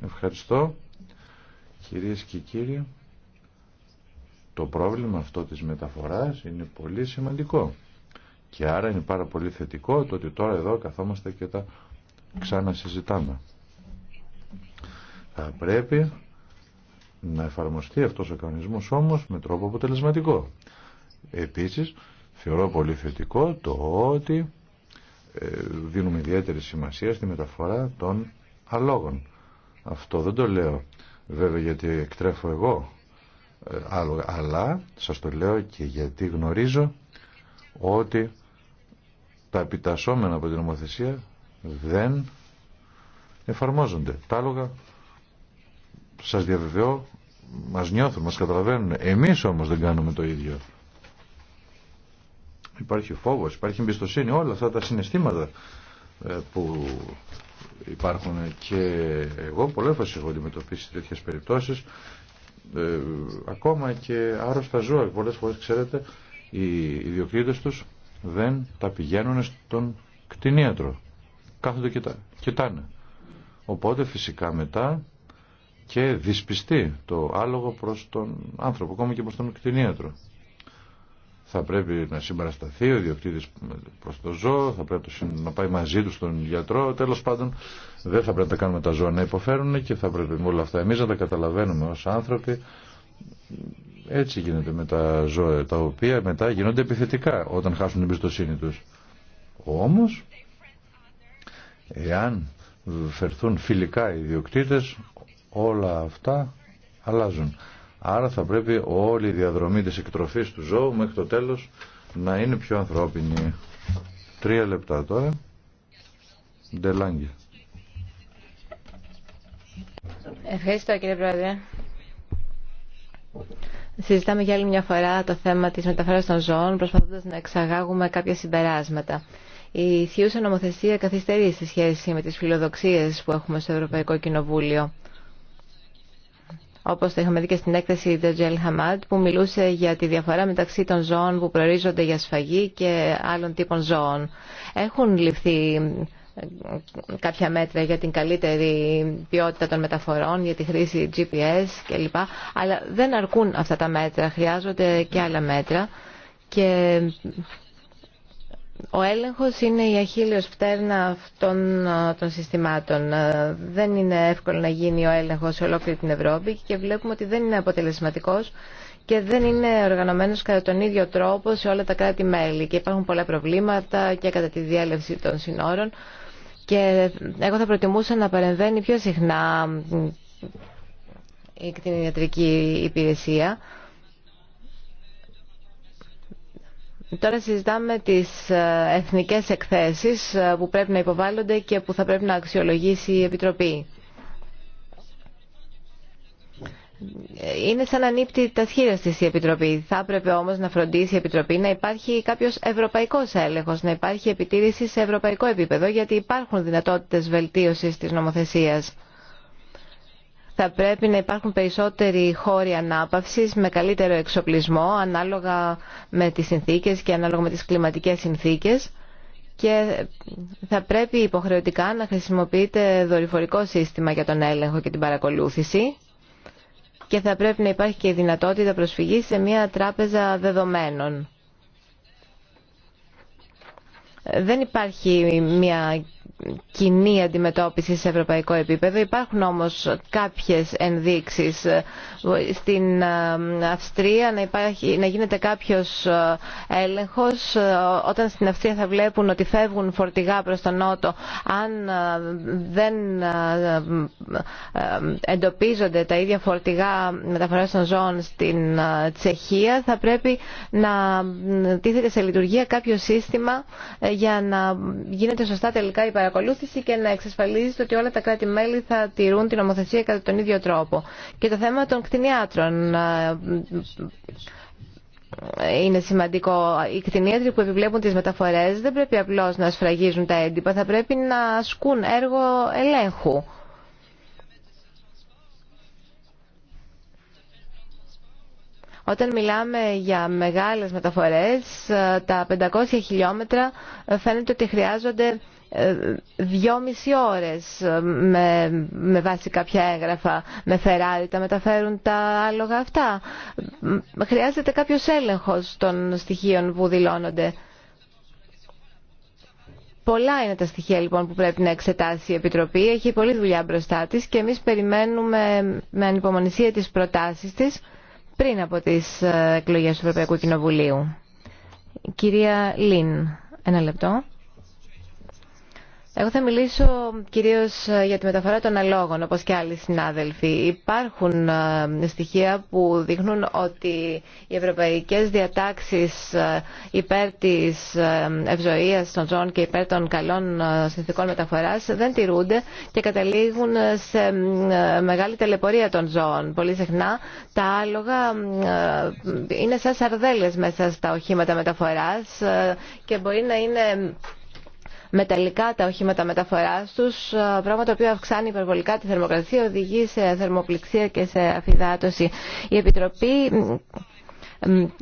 Ευχαριστώ κυρίες και κύριοι. Το πρόβλημα αυτό της μεταφοράς είναι πολύ σημαντικό και άρα είναι πάρα πολύ θετικό το ότι τώρα εδώ καθόμαστε και τα ξανασυζητάμε. Θα πρέπει να εφαρμοστεί αυτός ο κανονισμός όμως με τρόπο αποτελεσματικό. Επίσης, θεωρώ πολύ θετικό το ότι ε, δίνουμε ιδιαίτερη σημασία στη μεταφορά των αλόγων. Αυτό δεν το λέω βέβαια γιατί εκτρέφω εγώ ε, άλογα, αλλά σας το λέω και γιατί γνωρίζω ότι τα επιτασσόμενα από την νομοθεσία δεν εφαρμόζονται. Τα άλογα σας διαβεβαιώ μας νιώθουν, μας καταλαβαίνουν. Εμείς όμως δεν κάνουμε το ίδιο. Υπάρχει φόβος, υπάρχει εμπιστοσύνη, όλα αυτά τα συναισθήματα ε, που υπάρχουν και εγώ πολλές φορές έχω αντιμετωπίσει τέτοιες περιπτώσεις ε, ακόμα και άρρωστα ζώα πολλές φορές ξέρετε οι ιδιοκτήτες τους δεν τα πηγαίνουν στον κτηνίατρο κάθονται και τα κοιτάνε οπότε φυσικά μετά και δυσπιστεί το άλογο προς τον άνθρωπο, ακόμα και προς τον κτηνίατρο. Θα πρέπει να συμπαρασταθεί ο ιδιοκτήτης προς το ζώο, θα πρέπει να πάει μαζί του στον γιατρό, τέλος πάντων δεν θα πρέπει να κάνουμε τα ζώα να υποφέρουν και θα πρέπει με όλα αυτά εμείς να τα καταλαβαίνουμε ως άνθρωποι. Έτσι γίνεται με τα ζώα, τα οποία μετά γίνονται επιθετικά όταν χάσουν την πιστοσύνη τους. Όμως, εάν φερθούν φιλικά οι ιδιοκτήτες, όλα αυτά αλλάζουν. Άρα θα πρέπει όλη η διαδρομή της εκτροφής του ζώου μέχρι το τέλος να είναι πιο ανθρώπινη. Τρία λεπτά τώρα. Ντελάνγκια. Ευχαριστώ κύριε Πρόεδρε. Συζητάμε για άλλη μια φορά το θέμα της μεταφοράς των ζώων προσπαθώντας να εξαγάγουμε κάποια συμπεράσματα. Η θείουσα νομοθεσία καθυστερεί στη σχέση με τις φιλοδοξίες που έχουμε στο Ευρωπαϊκό Κοινοβούλιο όπως το είχαμε δει και στην έκθεση Τζελ Χαμάτ, που μιλούσε για τη διαφορά μεταξύ των ζώων που προορίζονται για σφαγή και άλλων τύπων ζώων. Έχουν ληφθεί ε, κάποια μέτρα για την καλύτερη ποιότητα των μεταφορών, για τη χρήση GPS κλπ. Αλλά δεν αρκούν αυτά τα μέτρα, χρειάζονται και άλλα μέτρα. Και ο έλεγχος είναι η αχίλιος πτέρνα αυτών των συστημάτων. Δεν είναι εύκολο να γίνει ο έλεγχος σε ολόκληρη την Ευρώπη και βλέπουμε ότι δεν είναι αποτελεσματικός και δεν είναι οργανωμένος κατά τον ίδιο τρόπο σε όλα τα κράτη-μέλη και υπάρχουν πολλά προβλήματα και κατά τη διέλευση των συνόρων και εγώ θα προτιμούσα να παρεμβαίνει πιο συχνά η ιατρική υπηρεσία Τώρα συζητάμε τις ε, εθνικές εκθέσεις ε, που πρέπει να υποβάλλονται και που θα πρέπει να αξιολογήσει η Επιτροπή. Είναι σαν να ανήπτει τα σχήρια τη η Επιτροπή. Θα έπρεπε όμω να φροντίσει η Επιτροπή να υπάρχει κάποιο ευρωπαϊκό έλεγχο, να υπάρχει επιτήρηση σε ευρωπαϊκό επίπεδο, γιατί υπάρχουν δυνατότητε βελτίωση τη νομοθεσία. Θα πρέπει να υπάρχουν περισσότεροι χώροι ανάπαυσης με καλύτερο εξοπλισμό ανάλογα με τις συνθήκες και ανάλογα με τις κλιματικές συνθήκες και θα πρέπει υποχρεωτικά να χρησιμοποιείται δορυφορικό σύστημα για τον έλεγχο και την παρακολούθηση και θα πρέπει να υπάρχει και η δυνατότητα προσφυγής σε μια τράπεζα δεδομένων. Δεν υπάρχει μια κοινή αντιμετώπιση σε ευρωπαϊκό επίπεδο. Υπάρχουν όμως κάποιες ενδείξεις ε, στην ε, Αυστρία να, υπάρχει, να γίνεται κάποιος ε, έλεγχος όταν στην Αυστρία θα βλέπουν ότι φεύγουν φορτηγά προς τον νότο αν δεν εντοπίζονται τα ίδια φορτηγά μεταφοράς των ζώων στην Τσεχία θα πρέπει να τίθεται σε λειτουργία κάποιο σύστημα για να γίνεται σωστά τελικά η παραγωγή παρακολούθηση και να εξασφαλίζει ότι όλα τα κράτη-μέλη θα τηρούν την νομοθεσία κατά τον ίδιο τρόπο. Και το θέμα των κτηνιάτρων ε, ε, είναι σημαντικό. Οι κτηνίατροι που επιβλέπουν τις μεταφορές δεν πρέπει απλώς να σφραγίζουν τα έντυπα, θα πρέπει να ασκούν έργο ελέγχου. Όταν μιλάμε για μεγάλες μεταφορές, ε, τα 500 χιλιόμετρα φαίνεται ότι χρειάζονται ε, δυόμιση ώρες ε, με, με βάση κάποια έγγραφα με Φεράρι τα μεταφέρουν τα άλογα αυτά. Ε, χρειάζεται κάποιος έλεγχος των στοιχείων που δηλώνονται. Πολλά είναι τα στοιχεία λοιπόν που πρέπει να εξετάσει η Επιτροπή. Έχει πολλή δουλειά μπροστά της και εμείς περιμένουμε με ανυπομονησία τις προτάσεις της πριν από τις εκλογές του Ευρωπαϊκού Κοινοβουλίου. Κυρία Λίν, ένα λεπτό. Εγώ θα μιλήσω κυρίως ε, για τη μεταφορά των αλόγων, όπως και άλλοι συνάδελφοι. Υπάρχουν ε, στοιχεία που δείχνουν ότι οι ευρωπαϊκές διατάξεις ε, υπέρ της ευζοίας των ζώων και υπέρ των καλών συνθηκών μεταφοράς δεν τηρούνται και καταλήγουν σε μεγάλη τελεπορία των ζώων. Πολύ συχνά τα άλογα είναι σαν σαρδέλες μέσα στα οχήματα μεταφοράς και μπορεί να είναι μεταλλικά τα οχήματα μεταφορά του, πράγμα το οποίο αυξάνει υπερβολικά τη θερμοκρασία, οδηγεί σε θερμοπληξία και σε αφυδάτωση. Η Επιτροπή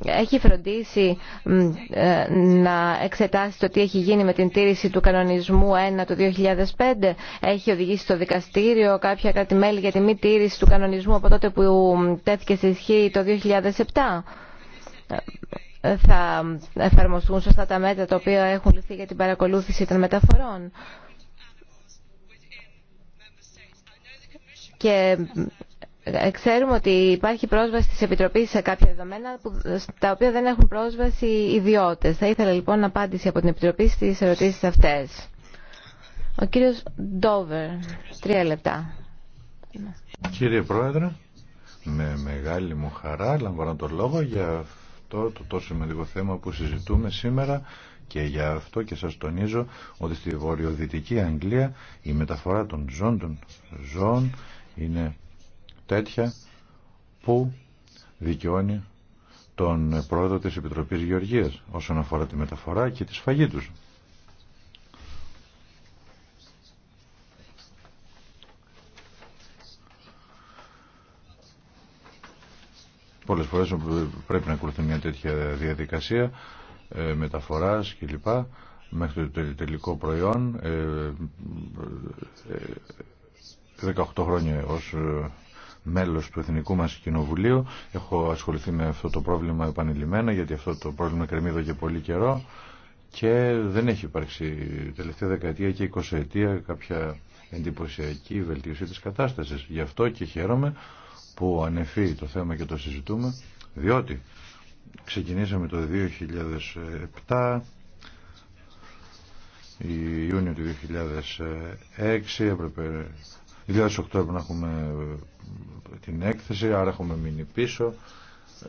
έχει φροντίσει ε, να εξετάσει το τι έχει γίνει με την τήρηση του κανονισμού 1 του 2005. Έχει οδηγήσει στο δικαστήριο κάποια κράτη-μέλη για τη μη τήρηση του κανονισμού από τότε που τέθηκε σε ισχύ το 2007 θα εφαρμοστούν σωστά τα μέτρα τα οποία έχουν ληφθεί για την παρακολούθηση των μεταφορών. Και ξέρουμε ότι υπάρχει πρόσβαση της Επιτροπής σε κάποια δεδομένα τα οποία δεν έχουν πρόσβαση οι ιδιώτες. Θα ήθελα λοιπόν απάντηση από την Επιτροπή στις ερωτήσεις αυτές. Ο κύριος Ντόβερ, τρία λεπτά. Κύριε Πρόεδρε, με μεγάλη μου χαρά λαμβάνω το λόγο για αυτό το τόσο σημαντικό θέμα που συζητούμε σήμερα και για αυτό και σας τονίζω ότι στη βορειοδυτική Αγγλία η μεταφορά των ζών των ζώων είναι τέτοια που δικαιώνει τον πρόεδρο της Επιτροπής Γεωργίας όσον αφορά τη μεταφορά και τη σφαγή τους. Πολλές φορές πρέπει να ακολουθεί μια τέτοια διαδικασία ε, μεταφοράς κλπ. μέχρι το τελικό προϊόν. 18 ε, ε, ε, χρόνια ως μέλος του Εθνικού μας Κοινοβουλίου. Έχω ασχοληθεί με αυτό το πρόβλημα επανειλημμένα, γιατί αυτό το πρόβλημα κρεμεί εδώ πολύ καιρό και δεν έχει υπάρξει τελευταία δεκαετία και 20 ετία κάποια εντυπωσιακή βελτίωση της κατάστασης. Γι' αυτό και χαίρομαι που ανεφεί το θέμα και το συζητούμε, διότι ξεκινήσαμε το 2007, Ιούνιο του 2006, έπρεπε 2008 έπρεπε να έχουμε την έκθεση, άρα έχουμε μείνει πίσω,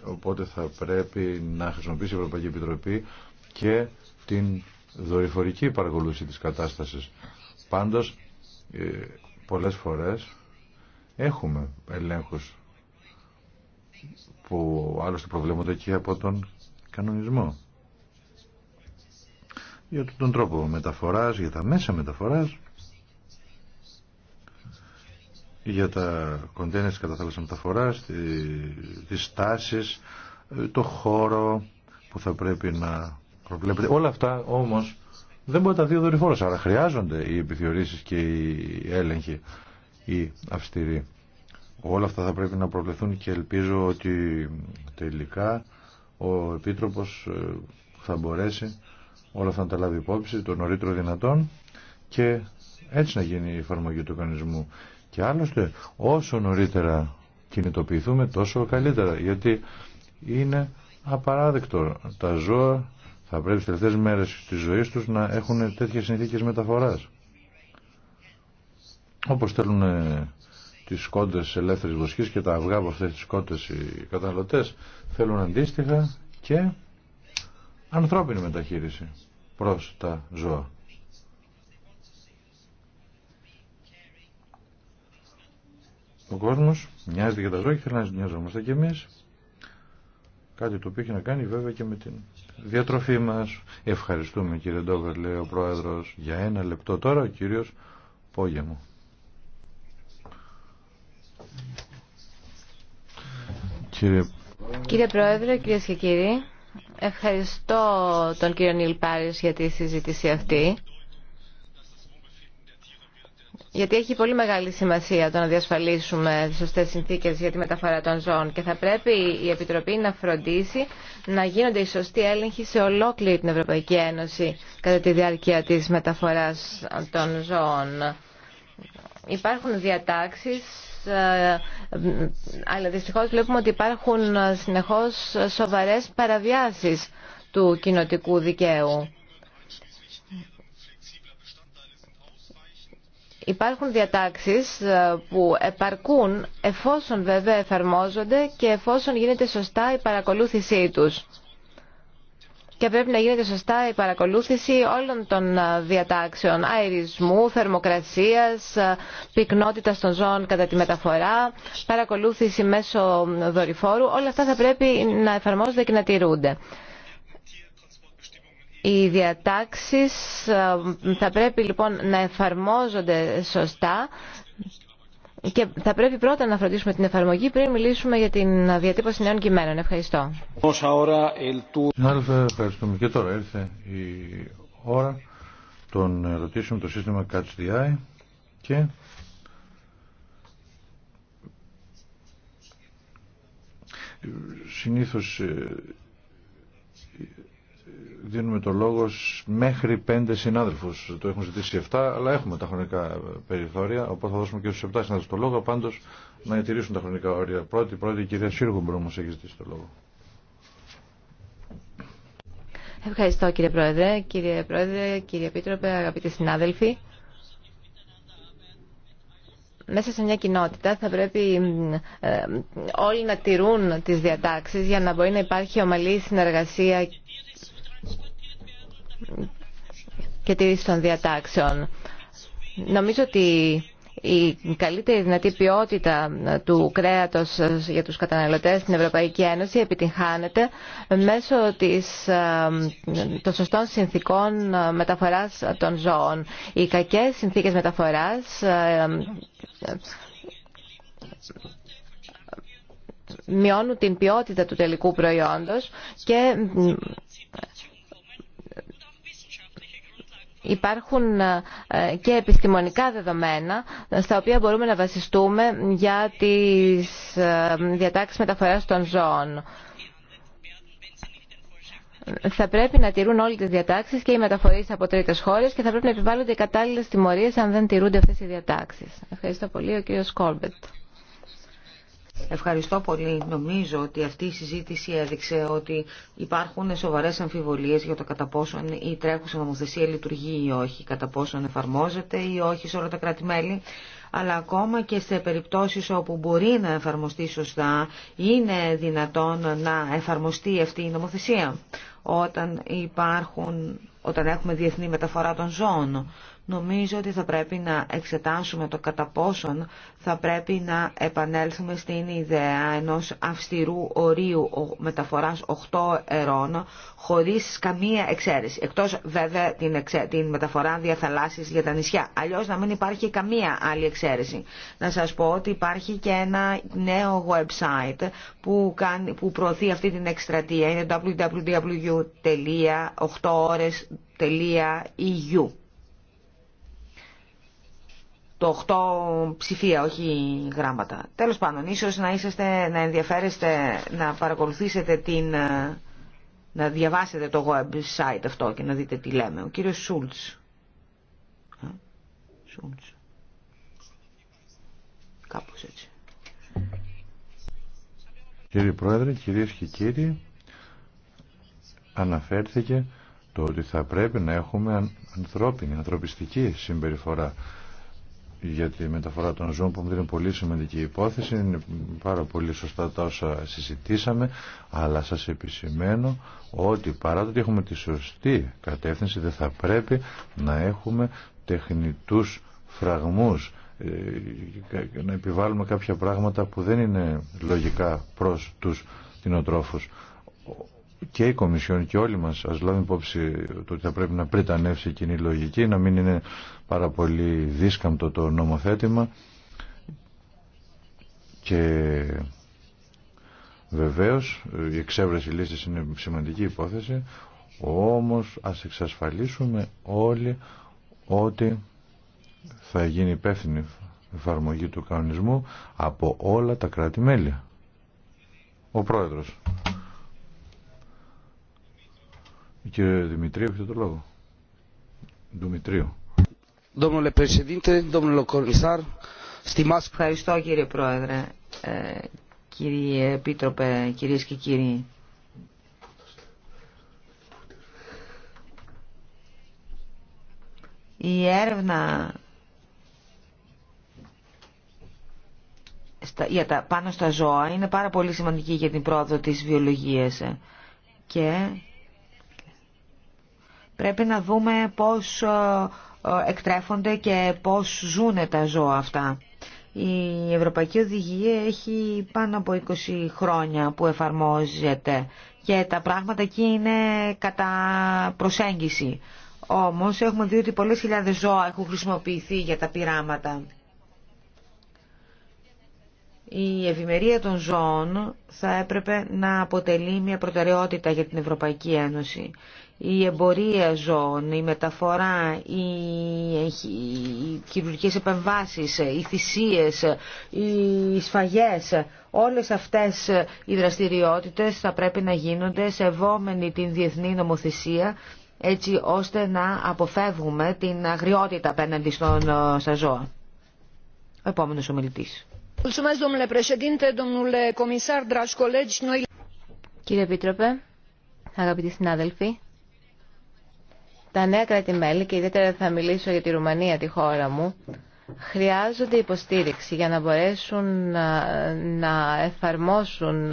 οπότε θα πρέπει να χρησιμοποιήσει η Ευρωπαϊκή Επιτροπή και την δορυφορική παρακολούθηση της κατάστασης. Πάντως, ε, πολλές φορές Έχουμε ελέγχους που άλλωστε προβλέπονται και από τον κανονισμό. Για τον τρόπο μεταφοράς, για τα μέσα μεταφοράς, για τα κοντέινερ της καταθάλασσας μεταφοράς, τις στάσεις, το χώρο που θα πρέπει να προβλέπεται. Όλα αυτά όμως δεν μπορεί τα δύο δορυφόρος, άρα χρειάζονται οι επιθεωρήσεις και οι έλεγχοι ή αυστηρή. Όλα αυτά θα πρέπει να προβλεφθούν και ελπίζω ότι τελικά ο Επίτροπος ε, θα μπορέσει όλα αυτά να τα λάβει υπόψη το νωρίτερο δυνατόν και έτσι να γίνει η εφαρμογή του κανονισμού. Και άλλωστε όσο νωρίτερα κινητοποιηθούμε τόσο καλύτερα γιατί είναι απαράδεκτο τα ζώα θα πρέπει στις τελευταίες μέρες της ζωής τους να έχουν τέτοιες συνθήκες μεταφοράς όπως θέλουν ε, τις κόντες ελεύθερης βοσκής και τα αυγά από αυτές τις κόντες οι καταναλωτές θέλουν αντίστοιχα και ανθρώπινη μεταχείριση προς τα ζώα. Ο κόσμος νοιάζεται για τα ζώα και θέλει να νοιάζομαστε και εμείς. Κάτι το οποίο έχει να κάνει βέβαια και με την διατροφή μας. Ευχαριστούμε κύριε Ντόβερ, λέει ο Πρόεδρος. Για ένα λεπτό τώρα ο κύριος Πόγεμο. Κύριε... Κύριε Πρόεδρε, κυρίες και κύριοι, ευχαριστώ τον κύριο Νίλ Πάρης για τη συζήτηση αυτή. Γιατί έχει πολύ μεγάλη σημασία το να διασφαλίσουμε σωστέ συνθήκε για τη μεταφορά των ζώων και θα πρέπει η Επιτροπή να φροντίσει να γίνονται οι σωστοί έλεγχοι σε ολόκληρη την Ευρωπαϊκή Ένωση κατά τη διάρκεια τη μεταφορά των ζώων. Υπάρχουν διατάξεις ε, αλλά δυστυχώς βλέπουμε ότι υπάρχουν συνεχώς σοβαρές παραβιάσεις του κοινοτικού δικαίου. Υπάρχουν διατάξεις ε, που επαρκούν εφόσον βέβαια εφαρμόζονται και εφόσον γίνεται σωστά η παρακολούθησή τους και πρέπει να γίνεται σωστά η παρακολούθηση όλων των ε, διατάξεων αερισμού, θερμοκρασίας, ε, πυκνότητας των ζώων κατά τη μεταφορά, παρακολούθηση μέσω δορυφόρου. Όλα αυτά θα πρέπει να εφαρμόζονται και να τηρούνται. Οι διατάξεις ε, θα πρέπει λοιπόν να εφαρμόζονται σωστά και θα πρέπει πρώτα να φροντίσουμε την εφαρμογή πριν μιλήσουμε για την διατύπωση νέων κειμένων. Ευχαριστώ. ώρα Συνάδελφε, ευχαριστούμε. Και τώρα ήρθε η ώρα των ερωτήσεων το σύστημα Catch the και συνήθως ε, δίνουμε το λόγο μέχρι πέντε συνάδελφους. Το έχουν ζητήσει 7, αλλά έχουμε τα χρονικά περιθώρια, οπότε θα δώσουμε και στου 7 συνάδελφους το λόγο, πάντως να τηρήσουν τα χρονικά όρια. Πρώτη, πρώτη η κυρία Σίργουμπρο να έχει ζητήσει το λόγο. Ευχαριστώ κύριε Πρόεδρε, κύριε Πρόεδρε, κύριε Επίτροπε, αγαπητοί συνάδελφοι. Μέσα σε μια κοινότητα θα πρέπει ε, ε, όλοι να τηρούν τις διατάξεις για να μπορεί να υπάρχει ομαλή συνεργασία και τήρηση των διατάξεων. Νομίζω ότι η καλύτερη δυνατή ποιότητα του κρέατος για τους καταναλωτές στην Ευρωπαϊκή Ένωση επιτυγχάνεται μέσω της, ε, των σωστών συνθήκων μεταφοράς των ζώων. Οι κακές συνθήκες μεταφοράς ε, ε, μειώνουν την ποιότητα του τελικού προϊόντος και υπάρχουν ε, και επιστημονικά δεδομένα στα οποία μπορούμε να βασιστούμε για τις ε, διατάξεις μεταφοράς των ζώων. Θα πρέπει να τηρούν όλοι τις διατάξεις και οι μεταφορείς από τρίτες χώρες και θα πρέπει να επιβάλλονται οι κατάλληλες τιμωρίες αν δεν τηρούνται αυτές οι διατάξεις. Ευχαριστώ πολύ. Ο κύριος Κόρμπετ. Ευχαριστώ πολύ. Νομίζω ότι αυτή η συζήτηση έδειξε ότι υπάρχουν σοβαρέ αμφιβολίες για το κατά πόσον η τρέχουσα νομοθεσία λειτουργεί ή όχι, κατά πόσον εφαρμόζεται ή όχι σε όλα τα κράτη-μέλη αλλά ακόμα και σε περιπτώσει όπου μπορεί να εφαρμοστεί σωστά, είναι δυνατόν να εφαρμοστεί αυτή η νομοθεσία όταν, υπάρχουν, όταν έχουμε διεθνή μεταφορά των ζώων νομίζω ότι θα πρέπει να εξετάσουμε το κατά πόσον θα πρέπει να επανέλθουμε στην ιδέα ενός αυστηρού ορίου μεταφοράς 8 ερών χωρίς καμία εξαίρεση, εκτός βέβαια την, την μεταφορά διαθαλάσσης για τα νησιά. Αλλιώς να μην υπάρχει καμία άλλη εξαίρεση. Να σας πω ότι υπάρχει και ένα νέο website που, κάνει... που προωθεί αυτή την εκστρατεία, είναι www.8ώρες.eu το 8 ψηφία, όχι γράμματα. Τέλο πάντων, ίσω να, είσαστε, να ενδιαφέρεστε να παρακολουθήσετε την... Ε, να διαβάσετε το website αυτό και να δείτε τι λέμε. Ο κύριος Σούλτ. Κάπως έτσι. Κύριε Πρόεδρε, κυρίες και κύριοι, αναφέρθηκε το ότι θα πρέπει να έχουμε ανθρώπινη, ανθρωπιστική συμπεριφορά για τη μεταφορά των ζώων που είναι πολύ σημαντική υπόθεση είναι πάρα πολύ σωστά τα όσα συζητήσαμε αλλά σας επισημαίνω ότι παρά το ότι έχουμε τη σωστή κατεύθυνση δεν θα πρέπει να έχουμε τεχνητούς φραγμούς ε, να επιβάλλουμε κάποια πράγματα που δεν είναι λογικά προς τους κοινοτρόφους και η Κομισιόν και όλοι μας ας λάβουμε υπόψη το ότι θα πρέπει να πριτανεύσει η κοινή λογική να μην είναι πάρα πολύ δίσκαμπτο το νομοθέτημα και βεβαίως η εξέβρεση λύσης είναι σημαντική υπόθεση όμως ας εξασφαλίσουμε όλοι ότι θα γίνει υπεύθυνη εφαρμογή του κανονισμού από όλα τα κράτη-μέλη. Ο Πρόεδρος. Κύριε Δημητρίου, έχετε το λόγο. Δημητρίου. Ευχαριστώ κύριε Πρόεδρε, ε, κύριε Επίτροπε, κυρίες και κύριοι. Η έρευνα για τα, πάνω στα ζώα είναι πάρα πολύ σημαντική για την πρόοδο της βιολογίας και πρέπει να δούμε πώς ε, εκτρέφονται και πώς ζουν τα ζώα αυτά. Η Ευρωπαϊκή Οδηγία έχει πάνω από 20 χρόνια που εφαρμόζεται και τα πράγματα εκεί είναι κατά προσέγγιση. Όμως έχουμε δει ότι πολλές χιλιάδες ζώα έχουν χρησιμοποιηθεί για τα πειράματα η ευημερία των ζώων θα έπρεπε να αποτελεί μια προτεραιότητα για την Ευρωπαϊκή Ένωση. Η εμπορία ζώων, η μεταφορά, οι, οι χειρουργικές επεμβάσεις, οι θυσίες, οι σφαγές, όλες αυτές οι δραστηριότητες θα πρέπει να γίνονται σε ευόμενη την διεθνή νομοθεσία έτσι ώστε να αποφεύγουμε την αγριότητα απέναντι ε, στα ζώα. Ο επόμενος Κύριε Επίτροπε, αγαπητοί συνάδελφοι, τα νέα κράτη-μέλη, και ιδιαίτερα θα μιλήσω για τη Ρουμανία, τη χώρα μου, χρειάζονται υποστήριξη για να μπορέσουν να εφαρμόσουν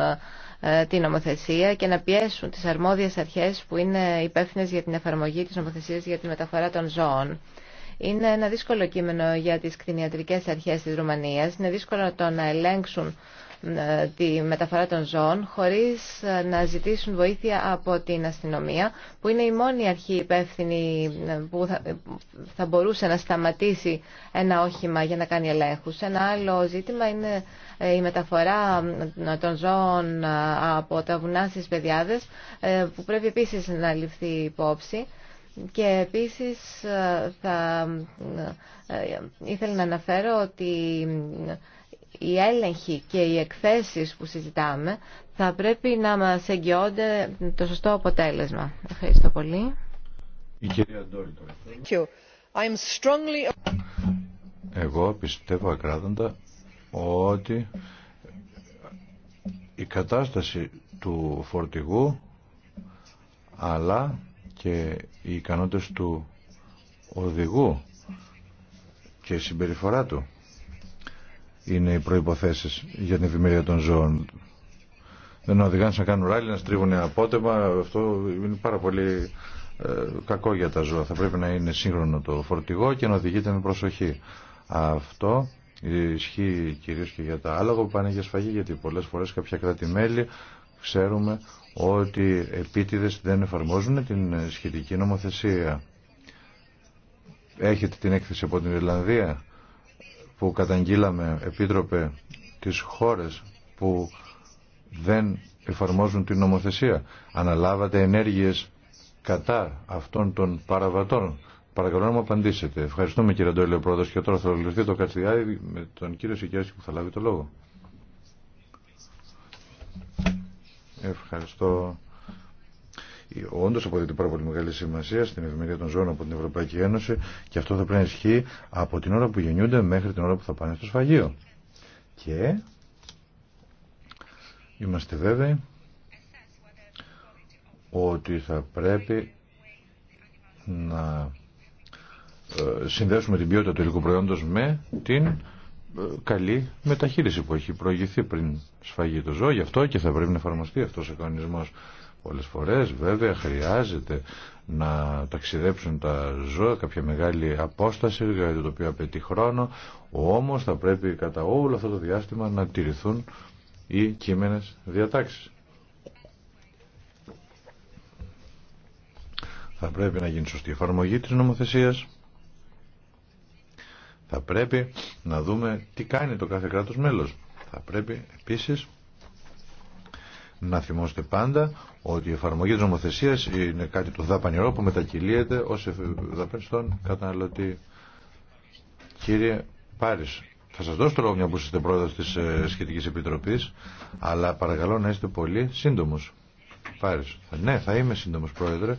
ε, την νομοθεσία και να πιέσουν τις αρμόδιες αρχές που είναι υπεύθυνες για την εφαρμογή της νομοθεσίας για τη μεταφορά των ζώων. Είναι ένα δύσκολο κείμενο για τις κτηνιατρικές αρχές της Ρουμανίας. Είναι δύσκολο το να ελέγξουν ε, τη μεταφορά των ζώων χωρίς ε, να ζητήσουν βοήθεια από την αστυνομία που είναι η μόνη αρχή υπεύθυνη ε, που θα, μπορούσε να σταματήσει ένα όχημα για να κάνει ελέγχους. Ένα άλλο ζήτημα είναι η μεταφορά των ζώων από τα βουνά στις παιδιάδες που πρέπει επίσης να ληφθεί υπόψη. Και επίσης ε, θα ε, ε, ήθελα να αναφέρω ότι η έλεγχοι και οι εκθέσεις που συζητάμε θα πρέπει να μας εγγυώνται το σωστό αποτέλεσμα. Ευχαριστώ πολύ. Η κυρία Εγώ πιστεύω ακράδαντα ότι η κατάσταση του φορτηγού αλλά και οι ικανότητες του οδηγού και η συμπεριφορά του είναι οι προϋποθέσεις για την ευημερία των ζώων. Δεν οδηγάνε να κάνουν ράλι, να στρίβουν απότεμα. Αυτό είναι πάρα πολύ ε, κακό για τα ζώα. Θα πρέπει να είναι σύγχρονο το φορτηγό και να οδηγείται με προσοχή. Αυτό ισχύει κυρίως και για τα άλογα που πάνε για σφαγή, γιατί πολλές φορές κάποια κράτη-μέλη ξέρουμε ότι επίτηδες δεν εφαρμόζουν την σχετική νομοθεσία. Έχετε την έκθεση από την Ιρλανδία που καταγγείλαμε επίτροπε τις χώρες που δεν εφαρμόζουν την νομοθεσία. Αναλάβατε ενέργειες κατά αυτών των παραβατών. Παρακαλώ να μου απαντήσετε. Ευχαριστούμε κύριε Αντώλιο Πρόεδρος και τώρα θα ολοκληρωθεί το Κατσιδιάδη με τον κύριο Σικιάστη που θα λάβει το λόγο. Ευχαριστώ. Όντω αποδείται πάρα πολύ μεγάλη σημασία στην ευημερία των ζώων από την Ευρωπαϊκή Ένωση και αυτό θα πρέπει να ισχύει από την ώρα που γεννιούνται μέχρι την ώρα που θα πάνε στο σφαγείο. Και είμαστε βέβαιοι ότι θα πρέπει να ε, συνδέσουμε την ποιότητα του υλικού προϊόντος με την καλή μεταχείριση που έχει προηγηθεί πριν σφαγεί το ζώο. Γι' αυτό και θα πρέπει να εφαρμοστεί αυτός ο κανονισμός. Πολλές φορές βέβαια χρειάζεται να ταξιδέψουν τα ζώα κάποια μεγάλη απόσταση για δηλαδή το οποίο απαιτεί χρόνο όμως θα πρέπει κατά όλο αυτό το διάστημα να τηρηθούν οι κείμενες διατάξεις. Θα πρέπει να γίνει σωστή εφαρμογή της νομοθεσίας θα πρέπει να δούμε τι κάνει το κάθε κράτος μέλος. Θα πρέπει επίσης να θυμόστε πάντα ότι η εφαρμογή της νομοθεσίας είναι κάτι το δαπανηρό που μετακυλίεται ως εφαρμογή στον καταναλωτή. Κύριε Πάρης, θα σας δώσω λόγο μια που είστε πρόεδρος της ε, σχετικής επιτροπής, αλλά παρακαλώ να είστε πολύ σύντομος. Πάρης, ναι, θα είμαι σύντομος πρόεδρε,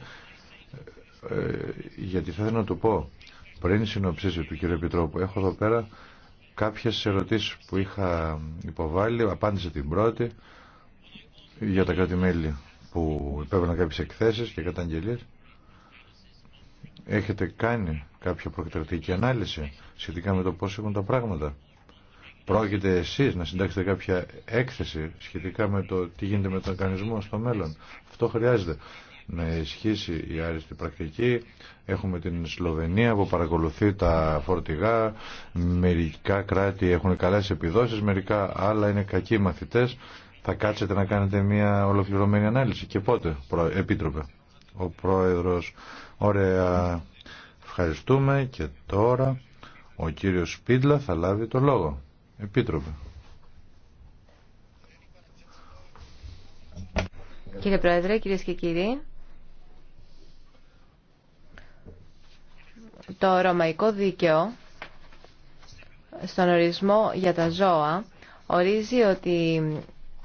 ε, ε, γιατί θα ήθελα να το πω πριν συνοψίσει του κύριου Επιτρόπου, έχω εδώ πέρα κάποιε ερωτήσει που είχα υποβάλει, απάντησε την πρώτη για τα κράτη-μέλη που υπέβαλαν κάποιε εκθέσει και καταγγελίε. Έχετε κάνει κάποια προκριτική ανάλυση σχετικά με το πώ έχουν τα πράγματα. Πρόκειται εσεί να συντάξετε κάποια έκθεση σχετικά με το τι γίνεται με τον οργανισμό στο μέλλον. Αυτό χρειάζεται να ισχύσει η άριστη πρακτική. Έχουμε την Σλοβενία που παρακολουθεί τα φορτηγά. Μερικά κράτη έχουν καλέ επιδόσεις, μερικά άλλα είναι κακοί μαθητές. Θα κάτσετε να κάνετε μια ολοκληρωμένη ανάλυση. Και πότε, Επίτροπε, ο Πρόεδρος. Ωραία, ευχαριστούμε και τώρα ο κύριος Σπίτλα θα λάβει το λόγο. Επίτροπε. Κύριε Πρόεδρε, κυρίες και κύριοι, Το ρωμαϊκό δίκαιο στον ορισμό για τα ζώα ορίζει ότι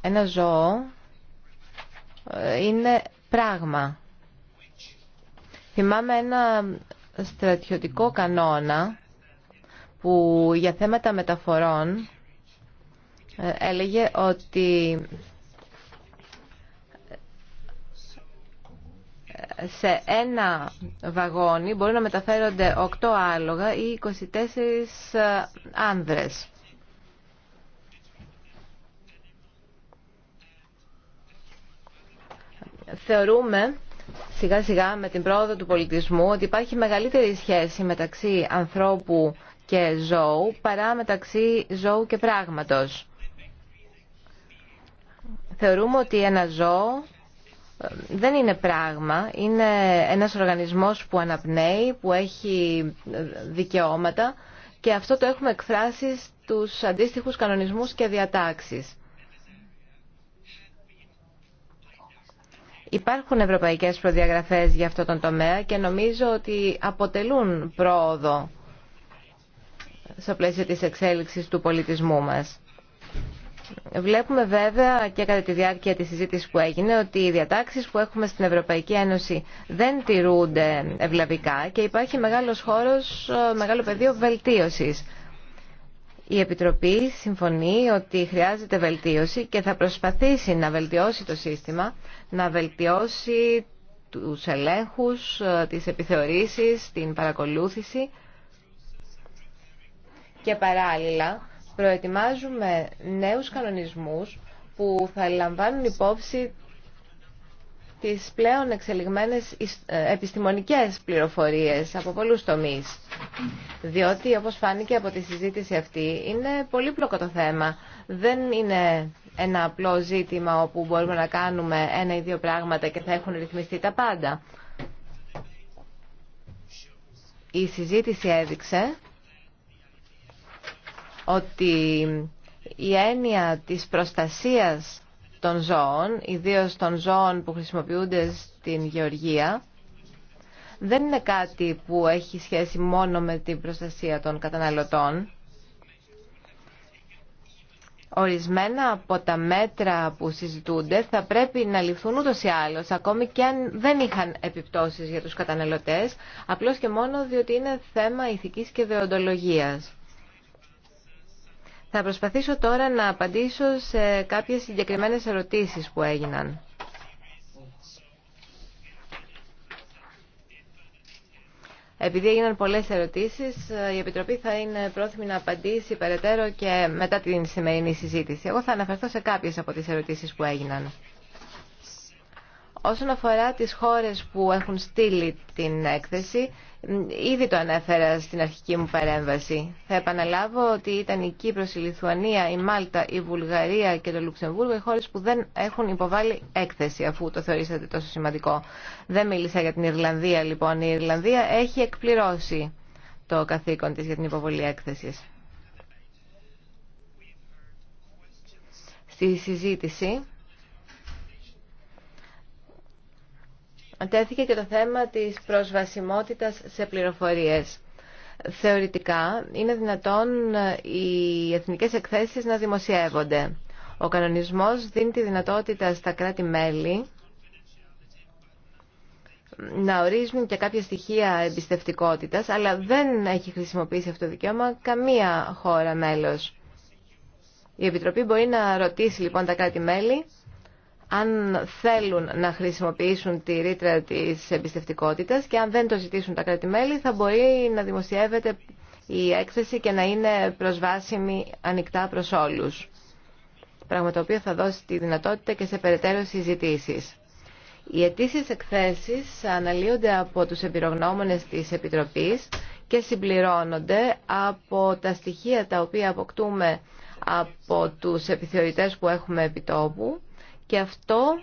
ένα ζώο ε, είναι πράγμα. Θυμάμαι ένα στρατιωτικό κανόνα που για θέματα μεταφορών ε, έλεγε ότι σε ένα βαγόνι μπορεί να μεταφέρονται 8 άλογα ή 24 ε, άνδρες. Θεωρούμε σιγά σιγά με την πρόοδο του πολιτισμού ότι υπάρχει μεγαλύτερη σχέση μεταξύ ανθρώπου και ζώου παρά μεταξύ ζώου και πράγματος. Θεωρούμε ότι ένα ζώο δεν είναι πράγμα, είναι ένας οργανισμός που αναπνέει, που έχει δικαιώματα και αυτό το έχουμε εκφράσει στους αντίστοιχους κανονισμούς και διατάξεις. Υπάρχουν ευρωπαϊκές προδιαγραφές για αυτό τον τομέα και νομίζω ότι αποτελούν πρόοδο στο πλαίσιο της εξέλιξης του πολιτισμού μας. Βλέπουμε βέβαια και κατά τη διάρκεια της συζήτηση που έγινε ότι οι διατάξεις που έχουμε στην Ευρωπαϊκή Ένωση δεν τηρούνται ευλαβικά και υπάρχει μεγάλος χώρος, μεγάλο πεδίο βελτίωσης. Η Επιτροπή συμφωνεί ότι χρειάζεται βελτίωση και θα προσπαθήσει να βελτιώσει το σύστημα, να βελτιώσει τους ελέγχους, τις επιθεωρήσεις, την παρακολούθηση και παράλληλα Προετοιμάζουμε νέους κανονισμούς που θα λαμβάνουν υπόψη τις πλέον εξελιγμένες ε, επιστημονικές πληροφορίες από πολλούς τομείς. Διότι, όπως φάνηκε από τη συζήτηση αυτή, είναι πολύπλοκο το θέμα. Δεν είναι ένα απλό ζήτημα όπου μπορούμε να κάνουμε ένα ή δύο πράγματα και θα έχουν ρυθμιστεί τα πάντα. Η συζήτηση έδειξε ότι η έννοια της προστασίας των ζώων, ιδίως των ζώων που χρησιμοποιούνται στην γεωργία, δεν είναι κάτι που έχει σχέση μόνο με την προστασία των καταναλωτών. Ορισμένα από τα μέτρα που συζητούνται θα πρέπει να ληφθούν ούτως ή άλλως, ακόμη και αν δεν είχαν επιπτώσεις για τους καταναλωτές, απλώς και μόνο διότι είναι θέμα ηθικής και δεοντολογίας. Θα προσπαθήσω τώρα να απαντήσω σε κάποιες συγκεκριμένες ερωτήσεις που έγιναν. Επειδή έγιναν πολλές ερωτήσεις, η Επιτροπή θα είναι πρόθυμη να απαντήσει περαιτέρω και μετά την σημερινή συζήτηση. Εγώ θα αναφερθώ σε κάποιες από τις ερωτήσεις που έγιναν. Όσον αφορά τις χώρες που έχουν στείλει την έκθεση, Ήδη το ανέφερα στην αρχική μου παρέμβαση. Θα επαναλάβω ότι ήταν η Κύπρος, η Λιθουανία, η Μάλτα, η Βουλγαρία και το Λουξεμβούργο οι χώρες που δεν έχουν υποβάλει έκθεση αφού το θεωρήσατε τόσο σημαντικό. Δεν μίλησα για την Ιρλανδία λοιπόν. Η Ιρλανδία έχει εκπληρώσει το καθήκον της για την υποβολή έκθεσης. Στη συζήτηση τέθηκε και το θέμα της προσβασιμότητας σε πληροφορίες. Θεωρητικά είναι δυνατόν ε, οι εθνικές εκθέσεις να δημοσιεύονται. Ο κανονισμός δίνει τη δυνατότητα στα κράτη-μέλη να ορίζουν και κάποια στοιχεία εμπιστευτικότητας, αλλά δεν έχει χρησιμοποιήσει αυτό το δικαίωμα καμία χώρα μέλος. Η Επιτροπή μπορεί να ρωτήσει λοιπόν τα κράτη-μέλη αν θέλουν να χρησιμοποιήσουν τη ρήτρα της εμπιστευτικότητας και αν δεν το ζητήσουν τα κράτη-μέλη θα μπορεί να δημοσιεύεται η έκθεση και να είναι προσβάσιμη ανοιχτά προς όλους. Πράγμα το οποίο θα δώσει τη δυνατότητα και σε περαιτέρω ζητήσεις. Οι αιτήσει εκθέσεις αναλύονται από τους εμπειρογνώμονες της Επιτροπής και συμπληρώνονται από τα στοιχεία τα οποία αποκτούμε από τους επιθεωρητές που έχουμε επιτόπου και αυτό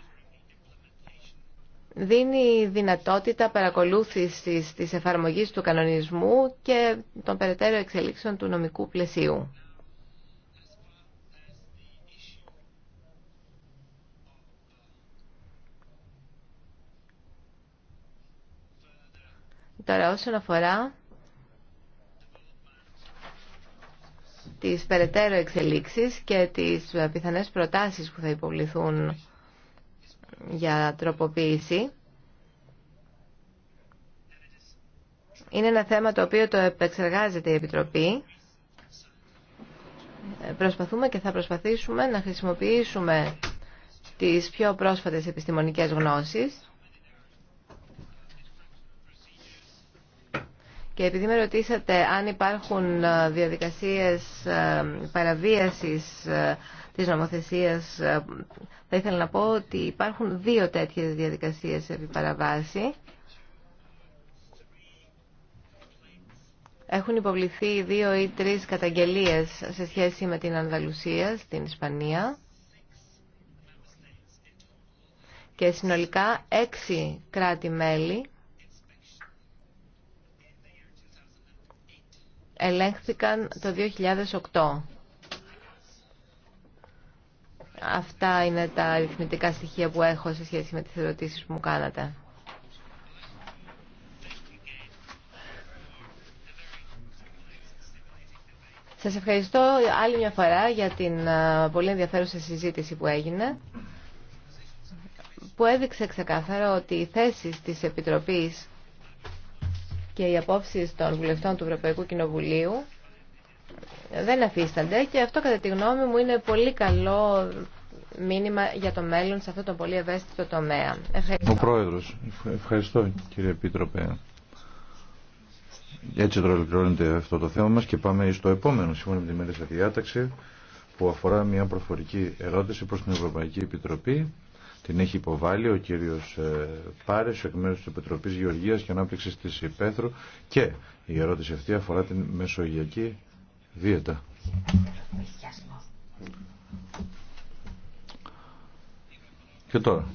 δίνει δυνατότητα παρακολούθησης της εφαρμογής του κανονισμού και των περαιτέρω εξελίξεων του νομικού πλαισίου. Τώρα όσον αφορά τις περαιτέρω εξελίξεις και τις πιθανές προτάσεις που θα υποβληθούν για τροποποίηση. Είναι ένα θέμα το οποίο το επεξεργάζεται η Επιτροπή. Προσπαθούμε και θα προσπαθήσουμε να χρησιμοποιήσουμε τις πιο πρόσφατες επιστημονικές γνώσεις Και επειδή με ρωτήσατε αν υπάρχουν ε, διαδικασίες ε, παραβίασης ε, της νομοθεσίας, θα ήθελα να πω ότι υπάρχουν δύο τέτοιες διαδικασίες επί παραβάση. Έχουν υποβληθεί δύο ή τρεις καταγγελίες σε σχέση με την Ανδαλουσία στην Ισπανία και συνολικά έξι κράτη-μέλη ελέγχθηκαν το 2008. Αυτά είναι τα αριθμητικά στοιχεία που έχω σε σχέση με τις ερωτήσεις που μου κάνατε. Σας ευχαριστώ άλλη μια φορά για την ε, πολύ ενδιαφέρουσα συζήτηση που έγινε που έδειξε ξεκάθαρα ότι οι θέσεις της Επιτροπής και οι απόψει των βουλευτών του Ευρωπαϊκού Κοινοβουλίου δεν αφίστανται και αυτό κατά τη γνώμη μου είναι πολύ καλό μήνυμα για το μέλλον σε αυτό το πολύ ευαίσθητο τομέα. Ευχαριστώ. Ο Πρόεδρος, ευχαριστώ κύριε Επίτροπε. Έτσι τώρα ολοκληρώνεται αυτό το θέμα μας και πάμε στο επόμενο σύμφωνα με τη μέρη διάταξη που αφορά μια προφορική ερώτηση προς την Ευρωπαϊκή Επιτροπή την έχει υποβάλει ο κύριος ε, Πάρης εκ μέρους της Επιτροπής Γεωργίας και Ανάπτυξης της Υπέθρου και η ερώτηση αυτή αφορά την μεσογειακή δίαιτα. Και τώρα.